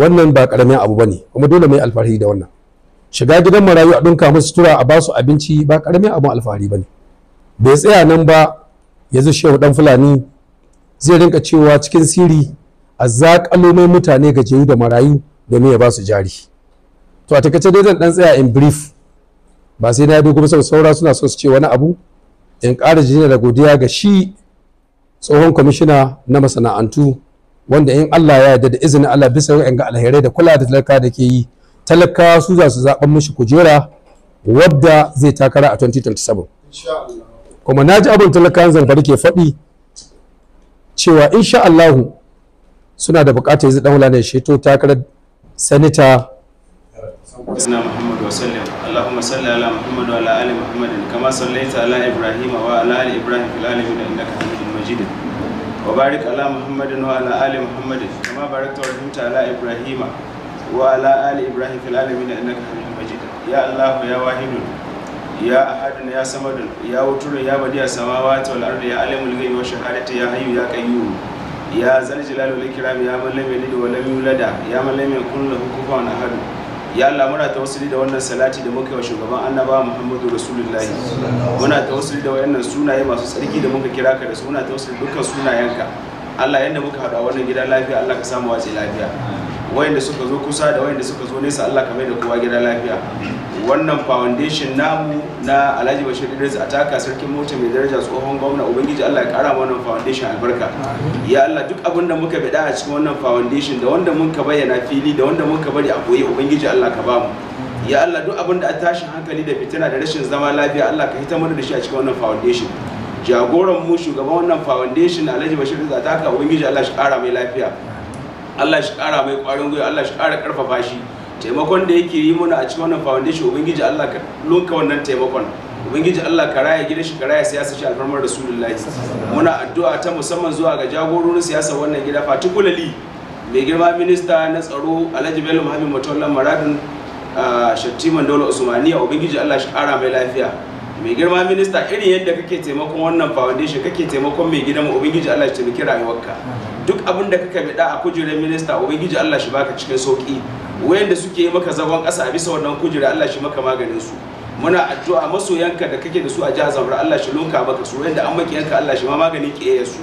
wannan ba karamin abu bane kuma dole mai alfahari da wannan shiga gidan marayu a dunka musu tura a basu abinci ba karamin abun alfahari bane bai tsaya nan ba yanzu shehu dan fulani zai rinka cewa cikin siri a zakalo mai mutane gajeru da marayu domin ya basu jari to a takaice dai zan dan tsaya in brief ba sai na bi kuma sau saura suna so su ce wani abu in ƙara jini da godiya ga shi tsohon kwamishina na masana'antu wanda in Allah ya yarda da izinin Allah bisa ga ga alherai da kula da talaka da ke yi talaka su za su zaɓa mishi kujera wadda zai takara a 2027 kuma na ji abin talakan bari ke faɗi cewa insha Allahu suna da buƙatar zai ɗan da sheto takarar sanita سيدنا allahumma salli ala صل wa ala ali ال kama sallaita ala ibrahim wa ala ali ibrahim fil alamin innaka حميد majid Wabarika Alamu Muhammadu na wa'ala Ali Muhammadu. Kama baraktawar Binta ala Ibrahima wa'ala Ali Ibrahim Talala ne daga na kasa Ya Allahu ya wahimin ya ahiduna ya samaduna. Ya wutar ya badiya sama watu al'adu da ya alamu ya yiwa shaharar ya haihu ya kai nufi. Ya zargi Lallu lakirabe ya mallamia ni da walame muladar. Ya mallamia ya kunna hukumawa na hadu. ya Allah muna tawassuli da wannan salati da muka yi wa shugaban annaba Muhammadu Rasulullahi muna tawassuli da wayannan sunaye masu tsarki da muka kira ka da su muna tawassuli dukkan sunayenka Allah yanda muka haɗu a wannan gida lafiya Allah ka samu wace lafiya wayanda suka zo kusa da wayanda suka zo nesa Allah ka mai da kowa gida lafiya wannan foundation namu na alhaji bashir idris a taka sarkin mota mai daraja tsohon gwamna ubangiji allah ya kara wannan foundation albarka ya allah duk abin da muka bada a cikin wannan foundation da wanda muka bayyana fili da wanda muka bari a koyi ubangiji allah ka bamu ya allah duk abin da a tashin hankali da fitina da rashin zama lafiya allah ka hita mana da shi a cikin wannan foundation jagoran mu shugaban wannan foundation alhaji bashir idris ataka ubangiji allah shi kara mai lafiya allah shi kara mai kwarin gwiwa allah shi kara karfafa shi taimakon da yake yi muna a cikin wannan foundation ubangiji Allah ka lunka wannan taimakon ubangiji Allah ka raya gidan shi ka raya siyasa shi alfarmar rasulullahi muna addu'a ta musamman zuwa ga jagororin siyasa wannan gida particularly mai girma minista na tsaro Alhaji Bello Muhammad Matollan Maradun Shattiman dola Usmaniya ubangiji Allah shi kara mai lafiya mai girma minista irin yadda kake taimakon wannan foundation kake taimakon mai gidan ubangiji Allah shi taimaki rayuwarka duk abin da kaka bida a kujerar minista ubangiji Allah shi baka cikin sauki wayanda suke yi maka zagon ƙasa a bisa wannan kujera Allah shi maka maganin su muna addu'a masoyanka da kake da su a jihar Zamfara Allah shi lonka maka su wayanda an yanka Allah shi ma maganin kiyaye su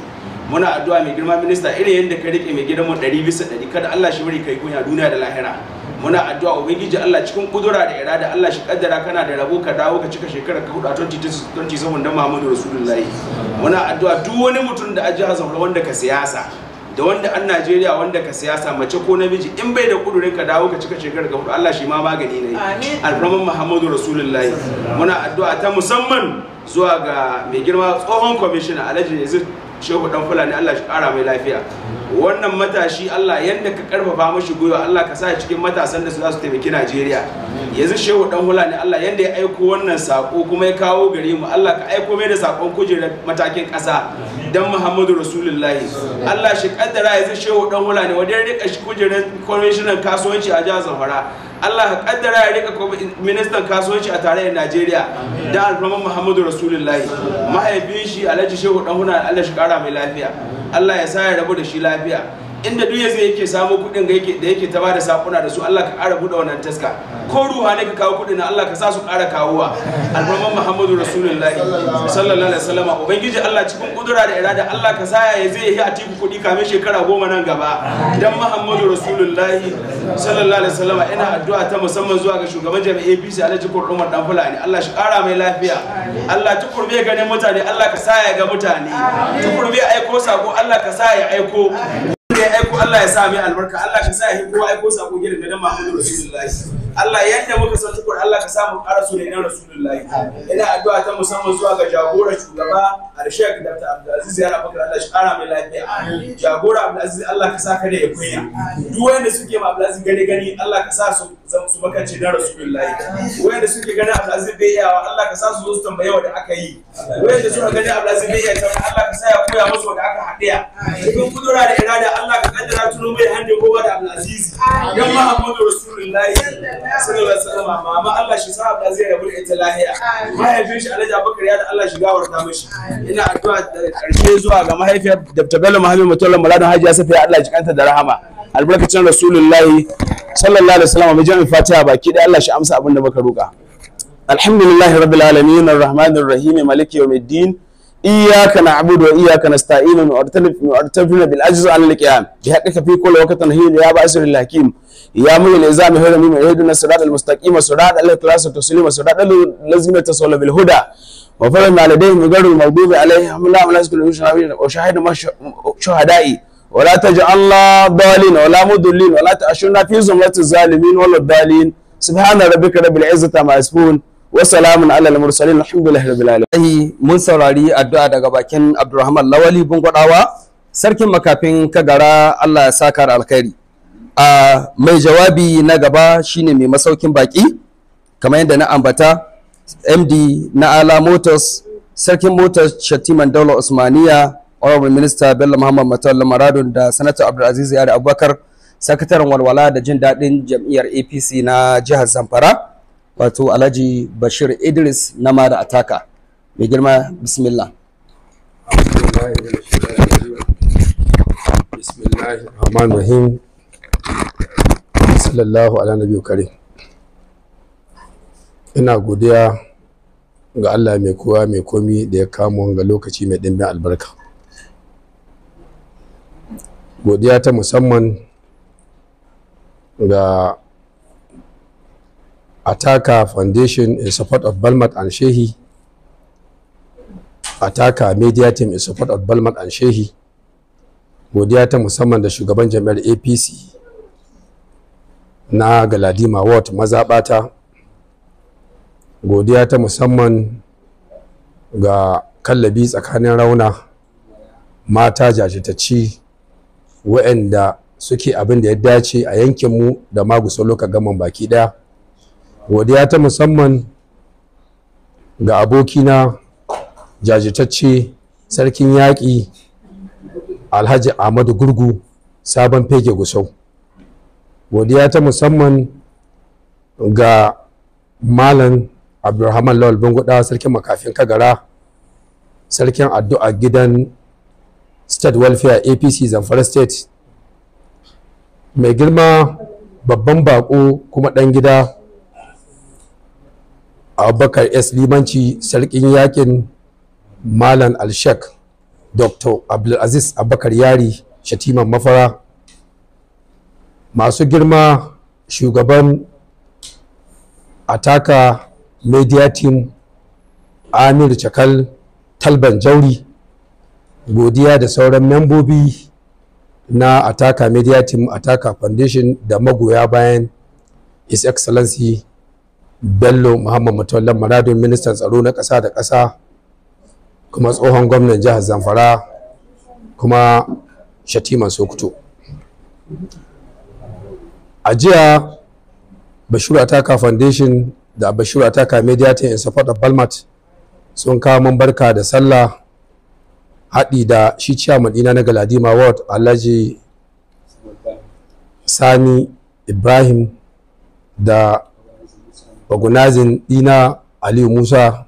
muna addu'a mai girma minista irin yadda ka rike mai gidanmu ɗari bisa ɗari kada Allah shi bari kai kunya duniya da lahira muna addu'a ubangiji Allah cikin kudura da irada Allah shi kaddara kana da rabo ka dawo ka cika shekara ka hudu a 2020 da Muhammadu Rasulullahi muna addu'a duk wani mutum da a jihar Zamfara wanda ka siyasa da wanda an Najeriya wanda ka siyasa mace ko namiji in bai da kudurin ka dawo ka cika shekarar ga hudu Allah shi ma magani ne alfarman Muhammadu Rasulullahi muna addu'a ta musamman zuwa ga mai girma tsohon kwamishina Alhaji Yazid Shehu Danfula Fulani Allah shi kara mai lafiya wannan matashi Allah yadda ka karfafa mashi gwiwa Allah ka sa cikin matasan da su za su taimaki Najeriya yanzu shehu dan hula ne Allah yadda ya aiko wannan sako kuma ya kawo gari mu Allah ka aiko mai da sakon kujerar matakin ƙasa dan Muhammadu Rasulullahi Allah shi kaddara yanzu shehu dan hula ne wajen rika kujerar kwamishinan kasuwanci a jihar Zamfara Allah ka kaddara ya rika ministan kasuwanci a tarayyar Najeriya da alfaman Muhammadu Rasulullahi mahaifin shi Alhaji Shehu dan hula Allah shi kara mai lafiya Allah ya sa ya rabu da shi lafiya inda duk yanzu yake samu kuɗin da yake ta bada sakuna da su Allah ka ƙara buɗe wannan taska ko ruha ne ka kawo kuɗin Allah ka sa su ƙara kawowa alfarman Muhammadu Rasulullahi sallallahu alaihi wasallam ubangiji Allah cikin kudura da irada Allah ka sa ya zai yi atiku kuɗi kamin shekara goma nan gaba dan Muhammadu Rasulullahi sallallahu alaihi wasallam ina addu'a ta musamman zuwa ga shugaban jami'a APC Alhaji Umar dan Fulani Allah shi ƙara mai lafiya Allah tukurbe ganin mutane Allah ka sa ya ga mutane tukurbe aiko sako Allah ka sa ya aiko ya aiko Allah ya sa mai albarka Allah shi sa ya kowa aiko sako gidan da Muhammadu Rasulullahi Allah yadda muka san tukur Allah ka samu karasu ne na Rasulullahi ina addu'a ta musamman zuwa ga jagora shugaba da sheikh Dr. Abdulaziz ya Bakar Allah shi kara mai lafiya jagora Abdulaziz Allah ka sa ka da ya kunya duk wanda suke ma Abdulaziz gani gani Allah ka sa su su makance na Rasulullahi wanda suke gani Abdulaziz bai yawa Allah ka sa su zo su tambaye da aka yi wanda suka gani Abdulaziz bai yawa Allah ka sa ya koya musu wanda aka haɗiya cikin kudura da irada Allah ka kaddara tuno mai hande kowa da Abdulaziz dan Muhammadu Rasulullahi sallallahu alaihi wasallam mama Allah shi sa da zai rabu da ita lahiya mahaifin shi Alhaji Abubakar ya da Allah shi ta mishi ina addu'a da karshe zuwa ga mahaifiyar Dr. Bello Muhammad Mutalla Muladun Hajiya Safiya Allah ji kanta da rahama albarkacin Rasulullahi sallallahu alaihi wasallam mu jami'in Fatiha baki da Allah shi amsa abin da muka roka alhamdulillahi rabbil alamin arrahmanir rahim maliki yawmiddin iyyaka na wa iyyaka nasta'in wa nu'tarif nu'tarif bil ajzi 'an al-qiyam bi haqqika fi kulli waqtin hiya ya ba'sir al-hakim ya mu al izami hada mimma yahdu nas sirat al-mustaqim sirat al-ikhlas tuslima sirat al-lazima tasalla bil huda wa fala maladayn ghayru al-mawdubi alayhi hum la malaikatu al-shahidin wa shahidu ma shuhada'i wa la taj'alna dalin wa la mudallin wa la ta'shuna fi zumrati zalimin wa la dalin subhana rabbika rabbil wasalamun alal mursalin alhamdulillahi rabbil alamin mun saurari addu'a daga bakin Abdulrahman Lawali Bungwadawa sarkin makafin kagara Allah ya saka alkhairi a mai jawabi na gaba shine mai masaukin baki kamar yadda na ambata MD na Ala Motors sarkin Motors Shatiman Daula Usmaniya Honorable Minister Bello Muhammad matal Maradun da Sanata Abdulaziz Yari Abubakar sakataren walwala da jin daɗin jam'iyyar APC na jihar Zamfara wato alhaji bashir idris na mara ataka mai girma bismillah bismillahir rahim sallallahu ala nabi kare ina godiya ga Allah mai kowa mai komi da ya kamo ga lokaci mai dimbin albarka godiya ta musamman ga Ataka Foundation in support of Balmat and Shehi, Ataka Media Team in support of Balmat and Shehi, godiya ta musamman da shugaban jami'ar APC na Galadima Ward mazaɓata, godiya ta musamman ga kallabi tsakanin rauna mata jajitacci waɗanda suke abin da ya dace a yankinmu da magusa loka gaman baki ɗaya. godiya ta musamman ga abokina jajitacce sarkin yaƙi alhaji ahmadu gurgu sabon fege gusau godiya ta musamman ga malam abdulrahman lawal banguda sarkin makafin kagara sarkin addu'a gidan state welfare apc zamfara state mai girma babban bako kuma ɗan gida abubakar s limanci sarkin yakin malam alshek dr abdulaziz abubakar yari shatiman mafara masu girma shugaban ataka media team amir chakal talban jauri godiya da sauran membobi na ataka media team ataka foundation da magoya bayan his excellency bello muhammad mutallan maradun ministan tsaro na ƙasa da ƙasa kuma tsohon gwamnan jihar zamfara kuma shatiman sokoto a jiya Bashiru ataka foundation da Bashiru ataka media team in support of balmat sun kawo mun barka da sallah haɗi da shi ciyaman ɗina na galadima ward alhaji sani ibrahim da organizing dina aliyu musa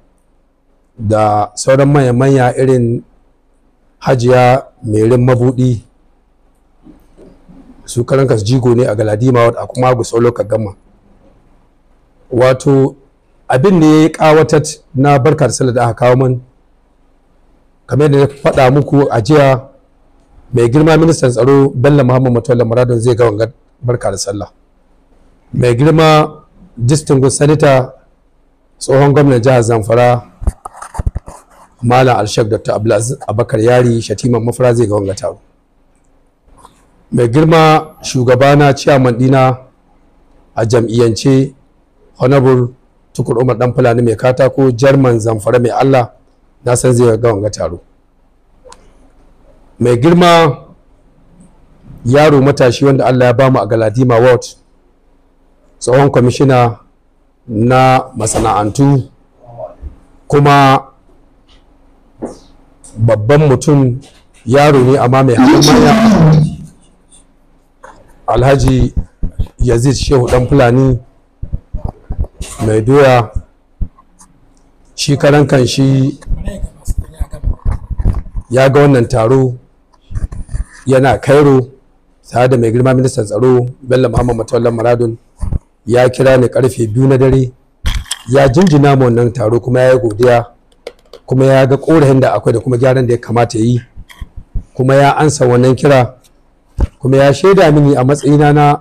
da sauran manya-manya irin hajiya merin mabudi su karan jigo ne a galadima a kuma gusau lokacin gama wato abin da ya yi kawatat na barkar sallah da aka kawo man kamar da na faɗa muku a jiya mai girma ministan tsaro bello muhammad matola muradun zai ga wangar barka da sallah mai girma distinguished senator tsohon gwamnan jihar zamfara malam alshek dr bakar yari shatiman mafara zai ga wanga taro mai girma shugabana ciyaman dina a jam'iyyance honorable tukur umar dan fulani mai katako jarman zamfara mai allah na san zai ga wanga taro mai girma yaro matashi wanda allah ya bamu a galadima ward tsohon kwamishina na masana'antu kuma babban mutum yaro ne amma mai hannun alhaji yazid shehu dan fulani mai doya shi karan kan ya ga wannan taro yana kairo tare da mai girma ministan tsaro bello muhammad matawallan maradun ya kira ni karfe biyu na dare ya jinjina mu wannan taro kuma ya yi godiya kuma ya ga korahin da akwai da kuma gyaran da ya kamata yi kuma ya ansa wannan kira kuma ya shaida mini a matsayina na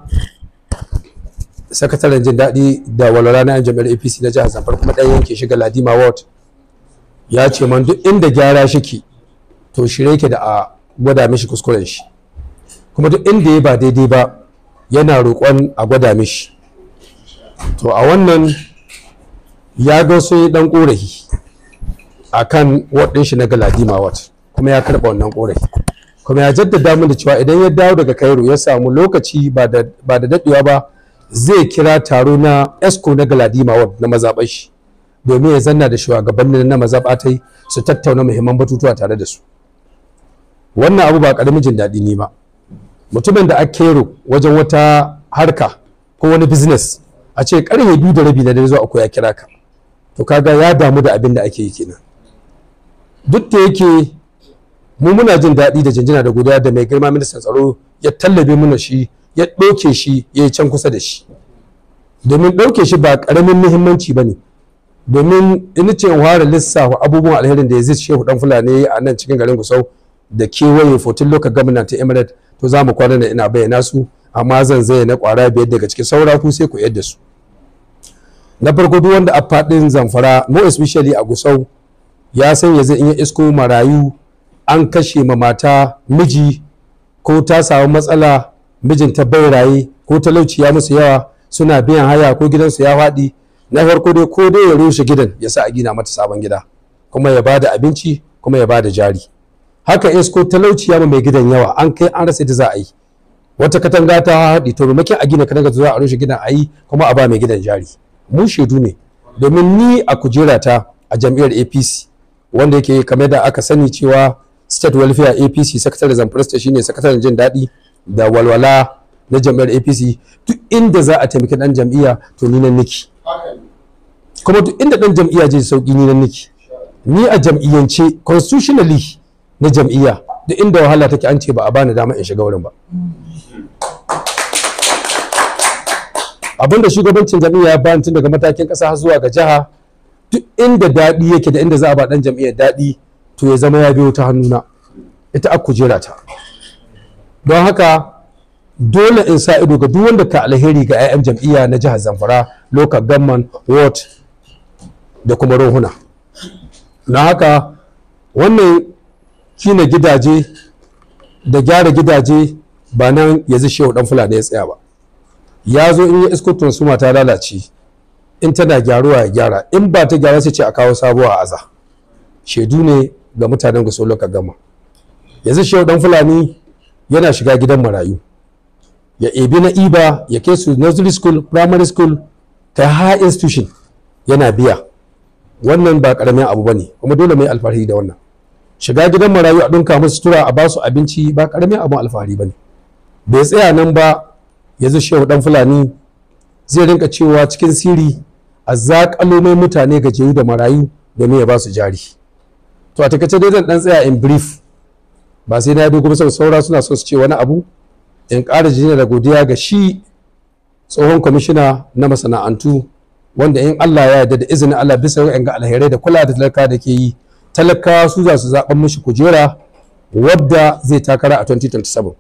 sakataren jin daɗi da walwala na 'yan jam'iyyar apc na jihar zamfara kuma ɗan yanke shiga ladima ward ya ce man duk inda gyara shi ke, to shirye ke da a gwada mishi kuskuren shi kuma duk inda ya ba daidai ba yana roƙon a gwada mishi to a wannan ya ga sai dan korafi a kan shi na galadima wat kuma ya karba wannan korafi kuma ya jaddada min da cewa idan ya dawo daga cairo ya samu lokaci ba da daɗewa ba zai kira taro na esco na galadima wat na mazaɓar shi domin ya zanna da shugabannin na mazaɓatai su tattauna muhimman batutuwa tare da su wannan abu ba ƙaramin jin daɗi ne ba mutumin da a kero wajen wata harka ko wani business a ce karfe biyu da rabi da dare zuwa uku ya kira ka to kaga ya damu da abin da ake yi kenan duk da yake mu muna jin daɗi da jinjina da godiya da mai girma ministan tsaro ya tallabe muna shi ya ɗauke shi ya yi can kusa da shi domin ɗauke shi ba ƙaramin muhimmanci ba ne domin ina ce ware lissafa abubuwan alherin da ya zai shehu dan fulani a nan cikin garin gusau da kewaye fotin local government ta emirate to za mu kwana ina bayyana su amma zan zai na kwara biyar daga cikin saura ku sai ku yadda su na farko duk wanda a faɗin zamfara mo especially a gusau ya san ya zai iya isko marayu an kashe ma mata miji ko ta samu matsala mijinta bai raye ko talauci ya musu yawa suna biyan haya ko gidansu ya faɗi na farko dai ko dai ya rushe gidan ya sa a gina mata sabon gida kuma ya bada abinci kuma ya bada jari haka isko talauci ya mai gidan yawa an kai an rasa da za a yi wata katanga ta haɗi to maimakon a gina katanga za a rushe gidan ayi, kuma a ba mai gidan jari mu shaidu ne domin ni a kujerata a jam'iyyar apc wanda yake kamar da aka sani cewa state welfare apc sakatare zamfara state shine sakataren jin daɗi da walwala na jam'iyyar apc duk inda za a taimaki dan jam'iyya to ni nan niki kuma duk inda dan jam'iyya je sauki ni nan niki ni a jam'iyyance constitutionally na jam'iyya duk inda wahala take an ce ba a bani dama in shiga wurin ba abinda shugabancin jam'iyya ya bani tun daga matakin ƙasa har zuwa ga jiha duk inda daɗi yake da inda za a ba ɗan jam'iyyar daɗi to ya zama ya biyo ta hannuna ita a kujera ta don haka dole in sa ido ga duk wanda ka alheri ga 'ya'yan jam'iyya na jihar zamfara local government ward da kuma rohuna na haka wannan kina gidaje da gyara gidaje ba nan yanzu shehu dan fulani ya tsaya ba ya zo in yi isko transformer ta lalace in tana gyaruwa ya gyara in ba ta gyara sai ce a kawo sabuwa a aza shaidu ne ga mutanen ga ka gama yanzu shi dan fulani yana shiga gidan marayu ya ebi na iba ya ke su nursery school primary school ta high institution yana biya wannan ba karamin abu bane kuma dole mai alfahari da wannan shiga gidan marayu a dunka musu tura a basu abinci ba karamin abun alfahari bane bai tsaya nan ba yanzu shehu dan fulani zai rinka cewa cikin sirri a zaƙalo mai mutane gajeru da marayu domin ya ba su jari to a takaice dai zan dan tsaya in brief ba sai na yi dogo sau saura suna so su ce wani abu in ƙara jina da godiya ga shi tsohon kwamishina na masana'antu wanda in Allah ya yarda da izinin Allah bisa in ga alherai da kula da talaka da ke yi talakawa su za su zaɓan mishi kujera wadda zai takara a 2027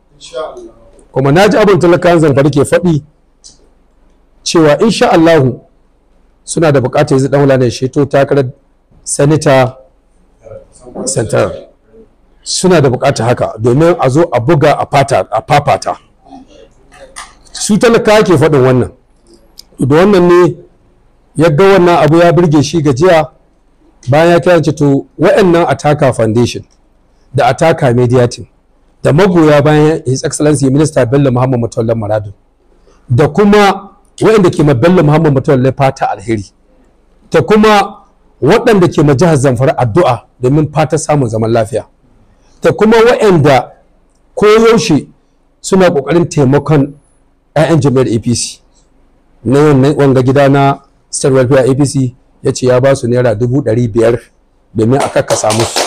kuma na ji abin talakawan zamfara ke faɗi cewa insha Allahu suna da buƙatar yanzu ɗan ya sheto takarar sanita central suna da buƙatar haka domin a zo a buga a fafata su talakawa ke faɗin wannan da wannan ne ya ga wannan abu ya birge shi gajiya bayan ya kyanci to a taka foundation da a media team da magoya bayan his excellency minister bello muhammad mutawallan maradu da kuma waɗanda ke ma bello muhammad mutawallan fata alheri da kuma waɗanda ke ma jihar zamfara addu'a domin fata samun zaman lafiya da kuma waɗanda koyaushe suna ƙoƙarin taimakon 'ya'yan jami'ar apc na wanga gida na state apc ya ce ya ba su naira dubu ɗari biyar domin a kakkasa musu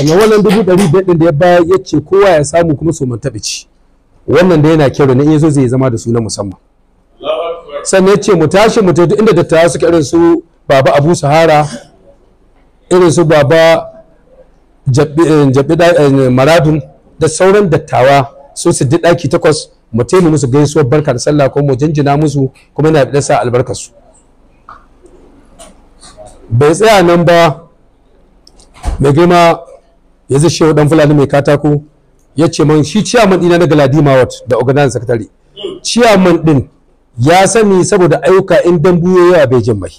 amma wannan dubu ɗari biyar ɗin da ya bayar ya ce kowa ya samu kuma su manta ci. wannan da yana kyau da in zo zai zama da su na musamman sannan ya ce mu tashi mu tafi inda dattawa suka irin su baba abu sahara irin su baba eh, eh, maradun da sauran dattawa sun su di ɗaki takwas mu taimaka musu gaisuwar barka da sallah ko mu jinjina musu kuma yana da sa albarkarsu bai tsaya nan ba mai girma Ya zai shewa dan fulani mai katako ya ce man shi ciyaman dina na galadima wat da organizing secretary ciyaman din ya sani saboda ayyuka in dan buyo ya bai jin mai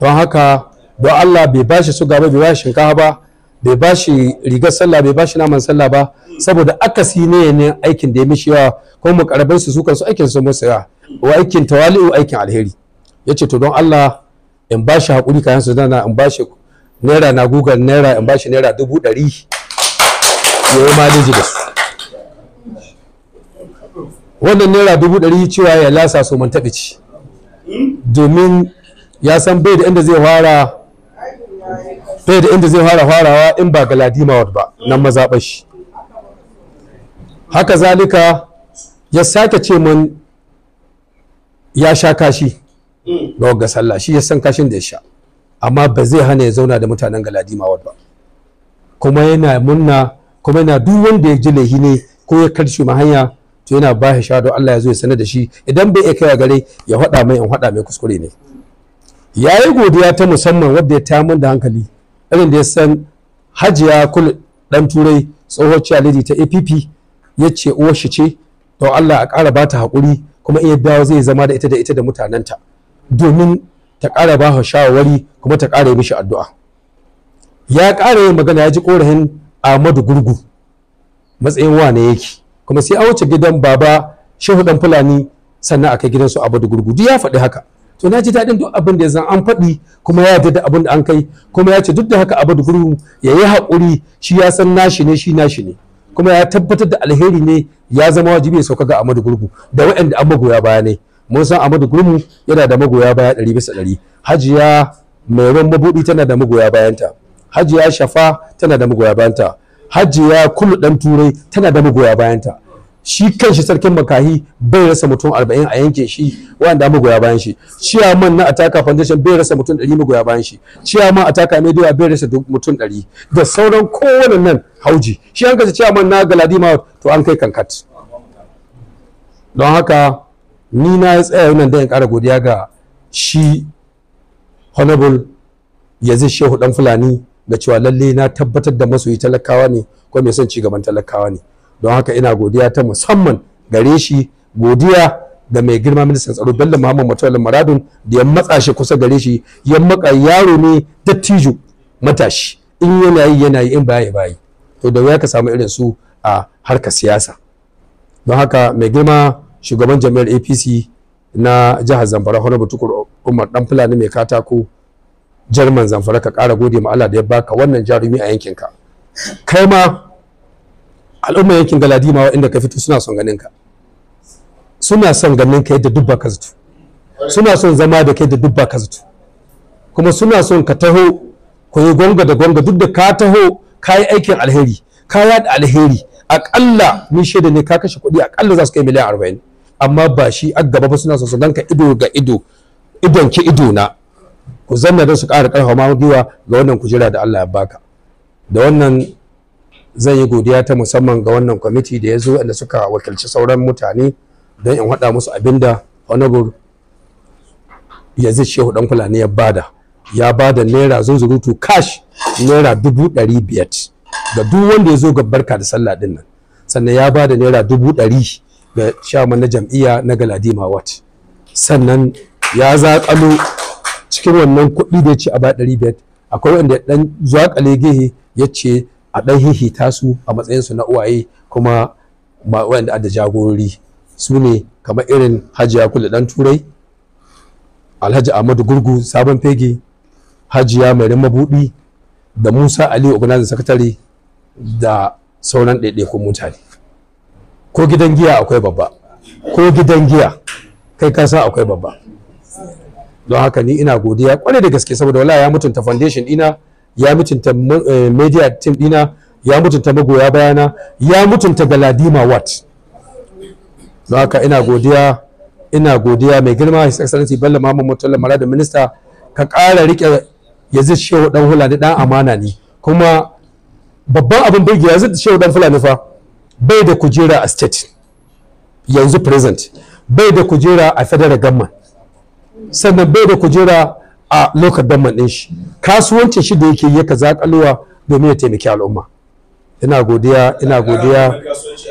don haka don Allah bai bashi suga ba bai bashi shinkafa ba bai bashi rigar sallah bai bashi naman sallah ba saboda akasi ne ne aikin da ya mishi yawa ko mu karban su sukan su aikin su musu yawa wa aikin tawali'u aikin alheri Ya ce to don Allah in bashi hakuri kayan su dana in bashi naira na gugan naira in bashi naira dubu ɗari ya yi maneji da wannan naira dubu ɗari cewa ya lasa so man ci domin ya san bai da inda zai fara bai da inda zai fara farawa in ba galadimawar ba nan mazaɓar shi haka zalika ya sake ce mun ya sha kashi ga ga sallah shi ya san kashin da ya sha amma ba zai hana ya zauna da mutanen mawa ba kuma yana munna kuma yana duk wanda ya ji laihi ne ko ya karshe ma hanya to yana ba shi shado Allah ya zo ya sanar da shi idan bai iya kai gare ya faɗa mai in faɗa mai kuskure ne ya yi godiya ta musamman wadda ya ta mun da hankali irin da ya san hajiya kul dan turai tsohon ciyalidi ta app ya ce uwar shi ce to Allah a ƙara ba ta haƙuri kuma iya dawo zai zama da ita da ita da mutanenta domin ta ƙara ba shawarwari kuma ta ƙara yi mishi addu'a ya ƙara yin magana ya ji korahin Ahmadu Gurgu matsayin wa ne yake kuma sai a wuce gidan baba shehu dan fulani sannan a kai gidan su Ahmadu Gurgu duk ya faɗi haka to na ji daɗin duk abin da zan an faɗi kuma ya yarda da abin da an kai kuma ya ce duk da haka Ahmadu Gurgu yayi yi haƙuri shi ya san nashi ne shi nashi ne kuma ya tabbatar da alheri ne ya zama wajibi ya sauka ga Ahmadu Gurgu da waɗanda an magoya baya ne mun san Ahmadu Gurgu yana da magoya baya ɗari bisa ɗari hajiya mai ran mabuɗi tana da magoya bayanta hajiya shafa tana da magoya bayanta hajiya kullu dan turai tana da magoya bayanta shi kanshi sarkin makahi bai rasa mutum arba'in a yanke shi wanda magoya bayan shi chairman na ataka foundation bai rasa mutum ɗari magoya bayan shi chairman ataka media bai rasa mutum ɗari da sauran kowane nan hauji shi an kace chairman na galadima to an kai kankat don haka ni na ya tsaya nan da in ƙara godiya ga shi honorable yazid shehu dan fulani da cewa lalle na tabbatar da masoyi talakawa ne ko mai son cigaban talakawa ne don haka ina godiya ta musamman gare shi godiya da mai girma ministan tsaro bello muhammad matawalin maradun da ya matsa shi kusa gare shi ya maka yaro ne dattijo matashi in yana yi yana yi in baya bayi to da ya ka samu irin su a harkar siyasa don haka mai girma shugaban jami'ar apc na jihar zamfara honorable tukur umar dan fulani mai katako jarman zamfara ka ƙara gode ma Allah da ya baka wannan jarumi a yankinka kai ma al'umma yankin galadima inda ka fito suna son ganin ka suna son ganin ka yadda dubba ka zutu suna son zama da kai da dubba ka zutu kuma suna son ka taho ku yi gonga da gonga duk da ka taho ka yi aikin alheri ka da alheri aƙalla mun shaida ne ka kashe kuɗi aƙalla za su kai miliyan arba'in amma ba shi a gaba ba suna son su ka ido ga ido idon ki ido na ku zanna da su ƙara ƙarfa ma gwiwa ga wannan kujera da Allah ya baka da wannan zan yi godiya ta musamman ga wannan kwamiti da ya zo inda suka wakilci sauran mutane don in haɗa musu abinda honorable yazi shehu dan fulani ya bada ya bada naira zunzurutu cash naira dubu ɗari biyar ga duk wanda ya zo ga barka da sallah din nan sannan ya bada naira dubu ɗari ga shaman na jam'iyya na galadima wat sannan ya zaƙalo cikin wannan kuɗi da ya ce a ba ɗari biyar akwai wanda ɗan zuwa ƙale ya ce a ɗan hihita su a matsayinsu na uwaye kuma wanda da jagorori su ne kamar irin hajiya kula ɗan turai alhaji ahmadu gurgu sabon fege hajiya mai mabuɗi da musa aliyu ogunazin sakatare da sauran ɗaiɗaikun mutane ko gidan giya akwai babba ko gidan giya kai kasa akwai babba don haka ni ina godiya kwarai da gaske saboda wallahi ya mutunta foundation dina ya mutunta eh, media team dina ya mutunta magoya bayana ya mutunta galadima wat don haka ina godiya ina godiya mai girma his excellency bello Mamman, mutalla mara minister minista ka ƙara riƙe yazid shehu dan ni dan amana ne kuma babban abin birgi yazid shehu dan fulani fa bai da kujera a state yanzu present bai da kujera a federal government sannan bai da kujera a lokacin damman ɗin shi Kasuwanci shi da yake yi ka domin ya taimaki al'umma ina godiya ina godiya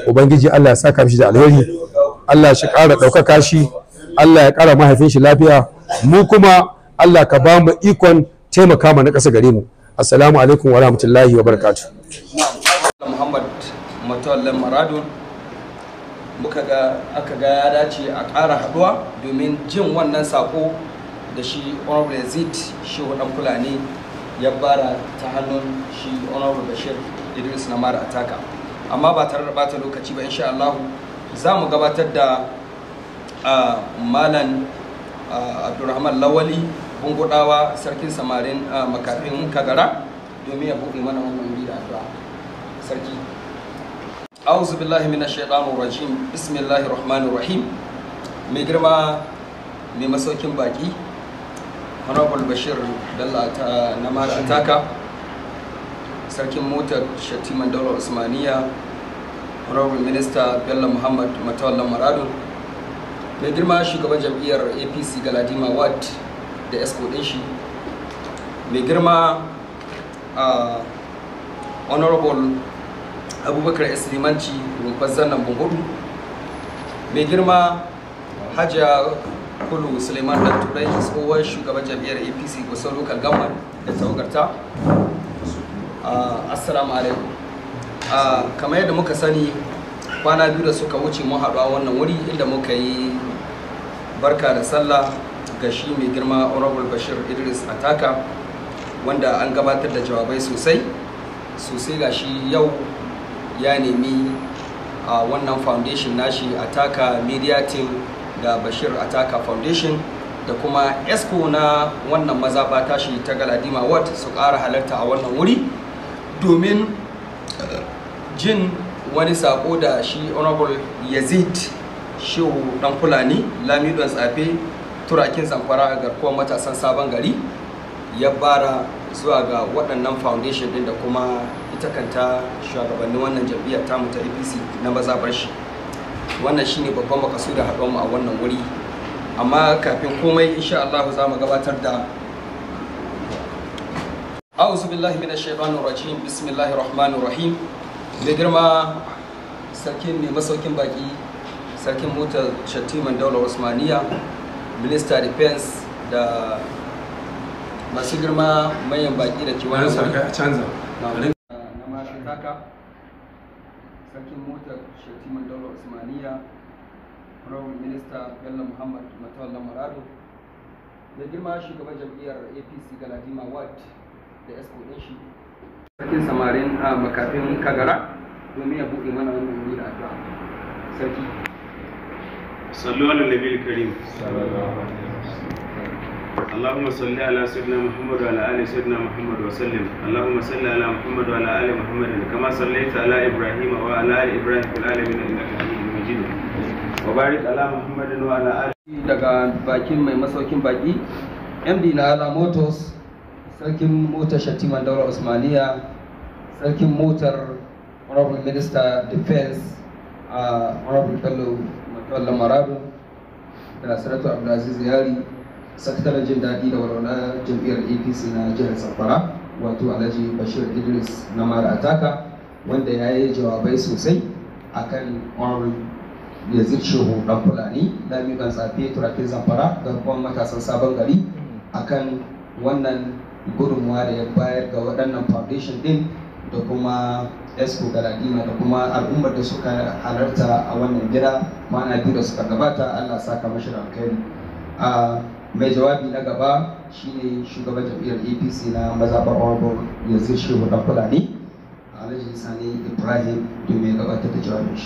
ubangiji Allah ya saka mishi da alheri Allah shi ƙara ɗaukaka shi Allah ya ƙara mahaifin shi lafiya mu kuma Allah ka ba mu ikon taimaka ma na ƙasa gare mu assalamu alaikum wa rahmatullahi wa barakatuh Muhammad Maradun muka ga aka ga ya dace a ƙara haɗuwa domin jin wannan sako da shi honorable zid shi dan fulani ya bara ta hannun shi honorable bashir idris na mara ataka amma ba tare da bata lokaci ba insha Allah za mu gabatar da malam abdulrahman lawali bungudawa sarkin samarin makafin kagara domin ya buɗe mana wannan addu'a sarki auzu billahi mina shaitanun rajim bismillahi rahmanu rahim mai girma mai masaukin baki honorable bashir dalla ta na mara ataka sarkin motar shatiman daular usmaniya honorable minister bello muhammad matawallan maradu mai girma shugaban jam'iyyar apc galadima ward da esco din shi mai girma ah, honorable abubakar islimanci rumfar zannan bungudu mai girma hajiya kulu suleiman da turai tsohon shugaban jami'ar apc kusan local government da tsawagarta ah, assalamu alaikum ah, kamar yadda muka sani kwana biyu da suka wuce mu haɗu a wannan wuri inda muka yi barka da sallah ga shi mai girma honorable bashir idris ataka wanda an gabatar da jawabai sosai sosai ga shi yau ya nemi a wannan foundation nashi ataka media team da bashir ataka foundation da kuma esco na wannan maza mazaba tashi ta galadima ward su kara halarta a wannan wuri domin eh, jin wani sako da shi honorable yazid shehu dan fulani lamidon tsafe turakin zamfara garkuwar matasan sabon gari ya bara zuwa ga waɗannan foundation din da kuma ita kanta shugabannin wannan jam'iyyar tamu ta apc na bar shi wannan shine babban makasu da haɗuwanmu a wannan wuri amma kafin komai insha Allah za mu gabatar da a'udhu billahi minash shaitanir rajim bismillahir rahmanir rahim da girma sarkin mai masaukin baki sarkin mota shattiman daula usmaniya minista defense da masu girma mayan baki da ke wani canza haka sarkin motar shatiman daular usmaniya rawar minista bello muhammad matawalla marado da girma shugaban jam'iyyar apc galadima ward da esko ɗin shi sarkin samarin a makafin kagara domin ya buɗe mana wani wuri da addu'a sarki sallu ala nabil karim sallallahu alaihi wasallam اللهم صل على سيدنا محمد وعلى ال سيدنا محمد وسلم اللهم صل على محمد وعلى ال محمد كما صليت على ابراهيم وعلى ال ابراهيم في العالمين انك حميد مجيد وبارك على محمد وعلى ال daga bakin mai masaukin baki md na ala motors sarkin motar shatiman daura usmaniya sarkin motar honorable minister defense a ah, honorable Kallo, matawalla marabu da sanatu abdulaziz yari sakataren jin daɗi da walwala jam'iyyar apc na jihar zamfara wato alhaji bashir idris na mara ataka wanda ya yi jawabai sosai akan honorable yazid shehu dan fulani ban zafi turafin zamfara da kuma matasan sabon gari akan wannan gudunmuwa da ya bayar ga waɗannan foundation din da kuma esco galadima da kuma al'ummar da suka halarta a wannan gida ma'ana biyu da suka gabata allah saka mashi alkhairi ah, mai jawabi na gaba shine shugaban jam'iyyar apc na mazaɓar orbon yanzu shi hudu fulani alhaji sani ibrahim domin gabatar da jawabin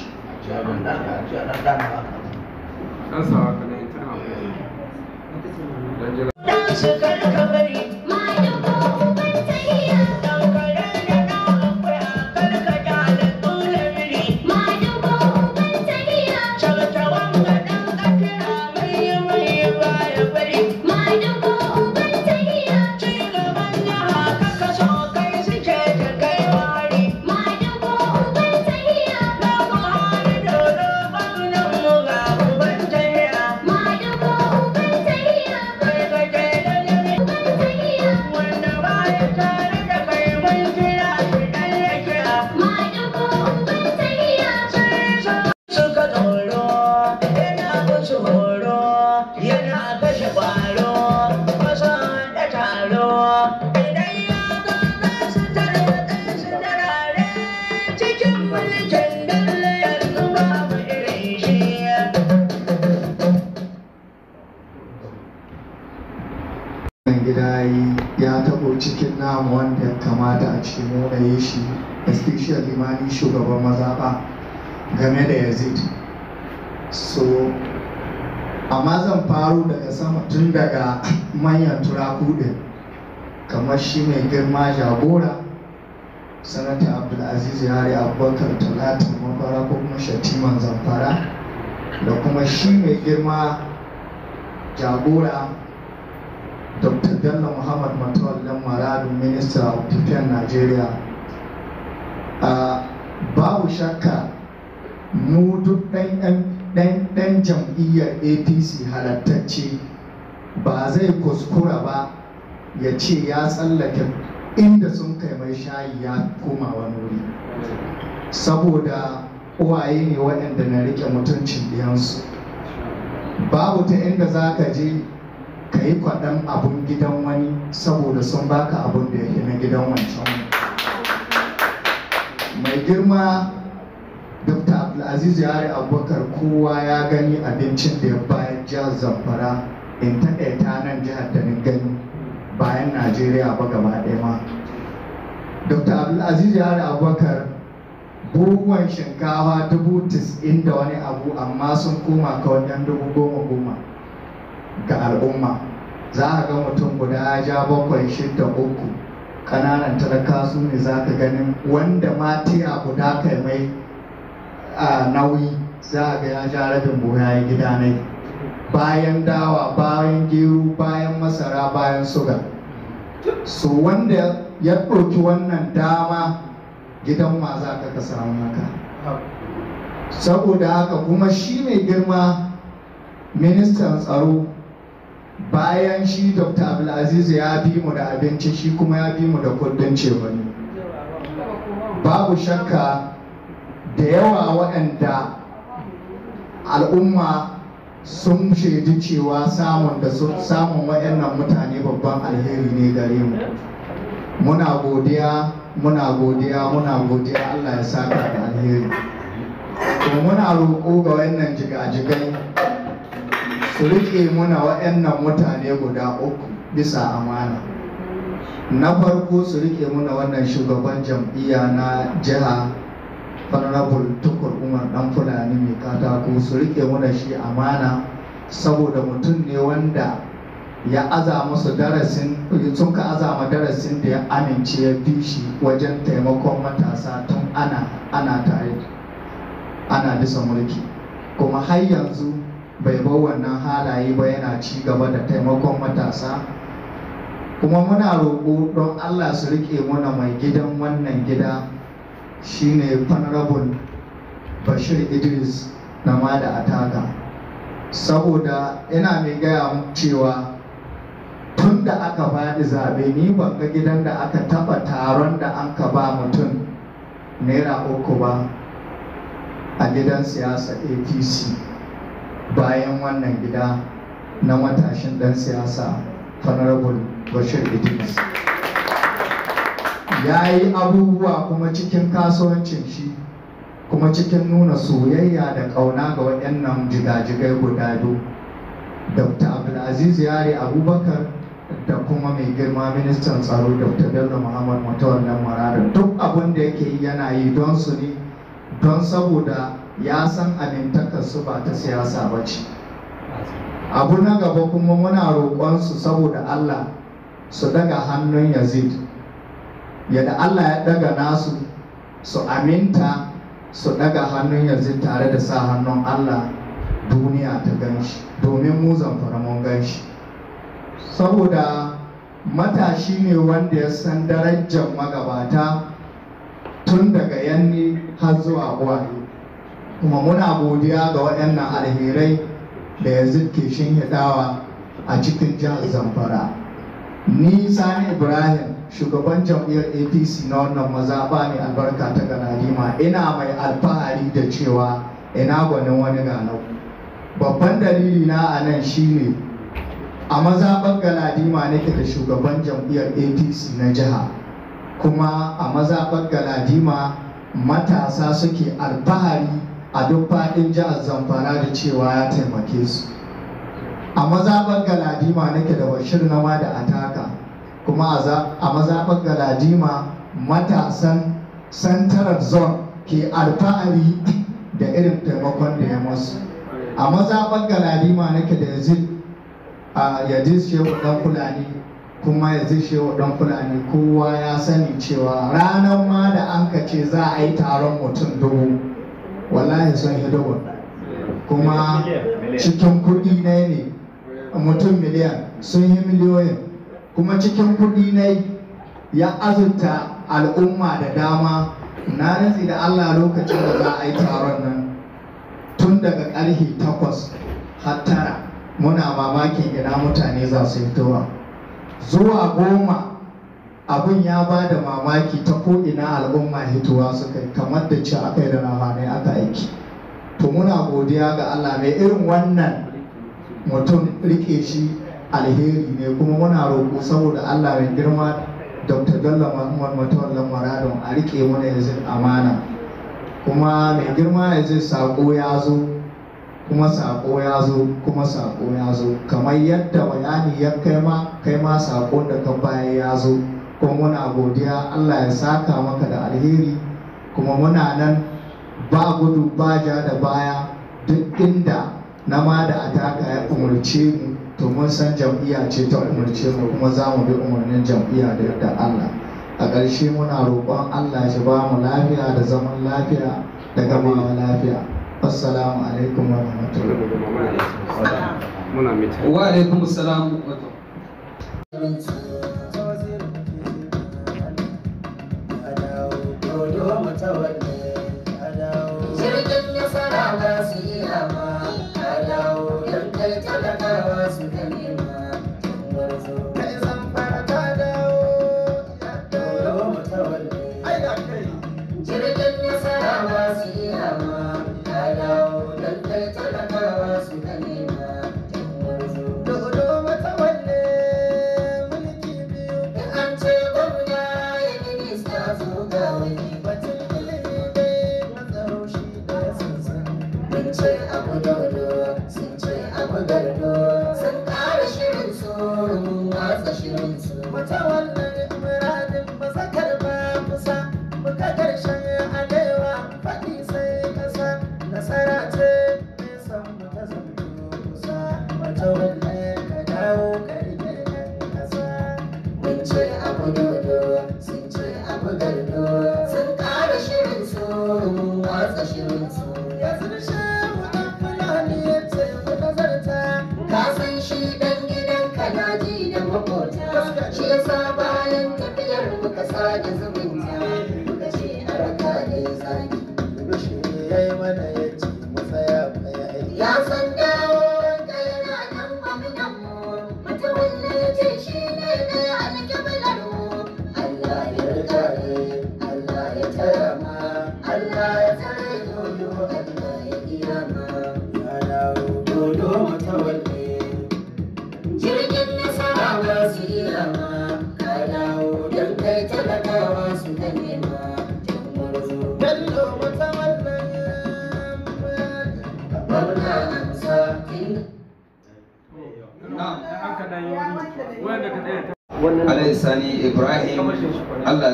shi ya shi especially ma ni shugaban mazaɓa game da yazid so amma zan faru daga sama tun daga manyan turaku din kamar shi mai girma jagora sanata abdulaziz yari abubakar talata mafara ko kuma shatiman zamfara da kuma shi mai girma jagora dr bello muhammad matawal dan maradu minista of defense nigeria ah, babu shakka mu duk ɗan jam'iyyar apc halattacce ba zai kuskura ba ya ce ya tsallake inda sun kai mai shayi ya koma wani wuri saboda uwaye ne waɗanda na riƙe mutuncin ɗiyansu babu ta inda za ka je ka yi kwaɗan abun gidan wani saboda sun baka abun da yake na gidan wancan mai girma dr abdulaziz yare abubakar kowa ya gani abincin da ya bayan jihar zamfara in taɗaita nan jihar da gani bayan najeriya ba gaba ɗaya ma dr abdulaziz yare abubakar buhuwan shinkawa dubu tis inda wani abu amma sun koma ka wajen dubu goma goma ga al'umma za a ga mutum guda ja bakwai shidda uku ƙananan talaka su ne za ka ganin wanda matiya guda kai mai a nauyi za a ga ya ja rabin buya ya gida ne bayan dawa bayan gero bayan masara bayan suga Su wanda ya ɗauki wannan dama gidan ma za ka ka samu haka saboda haka kuma shi mai girma ministan tsaro bayan shi dr abdulaziz ya bi mu da abinci shi kuma ya bi mu da kudin cefane babu shakka da yawa waɗanda al'umma sun shaidi cewa samun da samun waɗannan mutane babban alheri ne gare mu muna godiya muna godiya muna godiya allah ya saka da alheri kuma muna roƙo ga wannan jiga-jigai ku riƙe muna waɗannan mutane guda uku bisa amana na farko su riƙe muna wannan shugaban jam'iyya na jiha honorable tukur umar dan fulani mai katako su riƙe muna shi amana saboda mutum ne wanda ya aza musu darasin sun ka azama darasin da ya amince ya bi shi wajen taimakon matasa tun ana ana tare ana bisa mulki kuma har yanzu bai bar wannan halaye ba yana ci gaba da taimakon matasa kuma muna roƙo don allah su riƙe muna mai gidan wannan gida shine honorable bashir idris na mada ataka saboda ina mai gaya cewa tun da aka faɗi zaɓe ni ban ga gidan da aka taɓa taron da an ka ba mutum naira uku ba a gidan siyasa apc bayan wannan gida na matashin dan siyasa honorable bashir idris ya yi abubuwa kuma cikin kasuwancin shi kuma cikin nuna soyayya da ƙauna ga waɗannan jigajigai guda biyu dr abdulaziz yari abubakar da kuma mai girma ministan tsaro dr bello muhammad nan marada duk abin da yake yi yana yi don su ne don saboda ya san amintakarsu ba ta siyasa ba ce abu na gaba kuma muna roƙonsu saboda allah su daga hannun yazid yadda allah ya daga nasu su aminta su daga hannun yazid tare da sa hannun allah duniya ta ganshi domin mu fara mun ganshi saboda matashi ne wanda ya san darajar magabata tun daga yanni har zuwa uwaye kuma muna godiya ga waɗannan alherai da yanzu ke shinhidawa a cikin jihar zamfara ni sani ibrahim shugaban jam'iyyar apc na wannan mazaɓa mai albarka ta ganadima ina mai alfahari da cewa ina gwanin wani ganau babban dalili na a nan shine a mazaɓar galadima nake da shugaban jam'iyyar apc na jiha kuma a mazaɓar galadima matasa suke alfahari a duk faɗin jihar zamfara da cewa ya taimake su a mazaɓar galadima nake da bashir ma da ataka kuma a mazaɓar galadima matasan santarar zon ke alfahari da irin taimakon da ya masu a mazaɓar galadima nake da yazid a yazid shehu ɗan fulani kuma yanzu shehu ɗan fulani kowa ya sani cewa ranar ma da an ce za a yi taron mutum dubu wallahi sun yi kuma cikin kudi na ne mutum miliyan sun yi miliyoyin kuma cikin kudi na ya azurta al'umma da dama na rantsi da Allah lokacin da za a yi taron nan tun daga ƙarfe takwas har tara muna mamakin ina mutane za su yi fitowa zuwa goma abin ya ba da mamaki ta ko'ina al'umma hituwa su kai kamar da ci aka yi da rahanai aka aiki to muna godiya ga allah mai irin wannan mutum rike shi alheri ne kuma muna roƙo saboda allah mai girma dr dalla muhammad mutuwar lamaradon a rike mana yanzu amana kuma mai girma yanzu saƙo ya zo kuma saƙo ya zo kuma saƙo ya zo kamar yadda bayani ya kai ma kai da ka baya ya zo kuma muna godiya Allah ya saka maka da alheri kuma muna nan ba gudu ba ja da baya duk inda na ma da ataka ya umarce mu to mun san jam'iyya ce ta umarce mu kuma za mu bi umarnin jam'iyya da yadda Allah a ƙarshe muna roƙon Allah shi ba mu lafiya da zaman lafiya da gamawa lafiya assalamu alaikum wa rahmatullahi wa alaikum assalam mu ta wannan ka dawo jirgin nasara ba su yi hama ka dawo yankai talakawa tell it.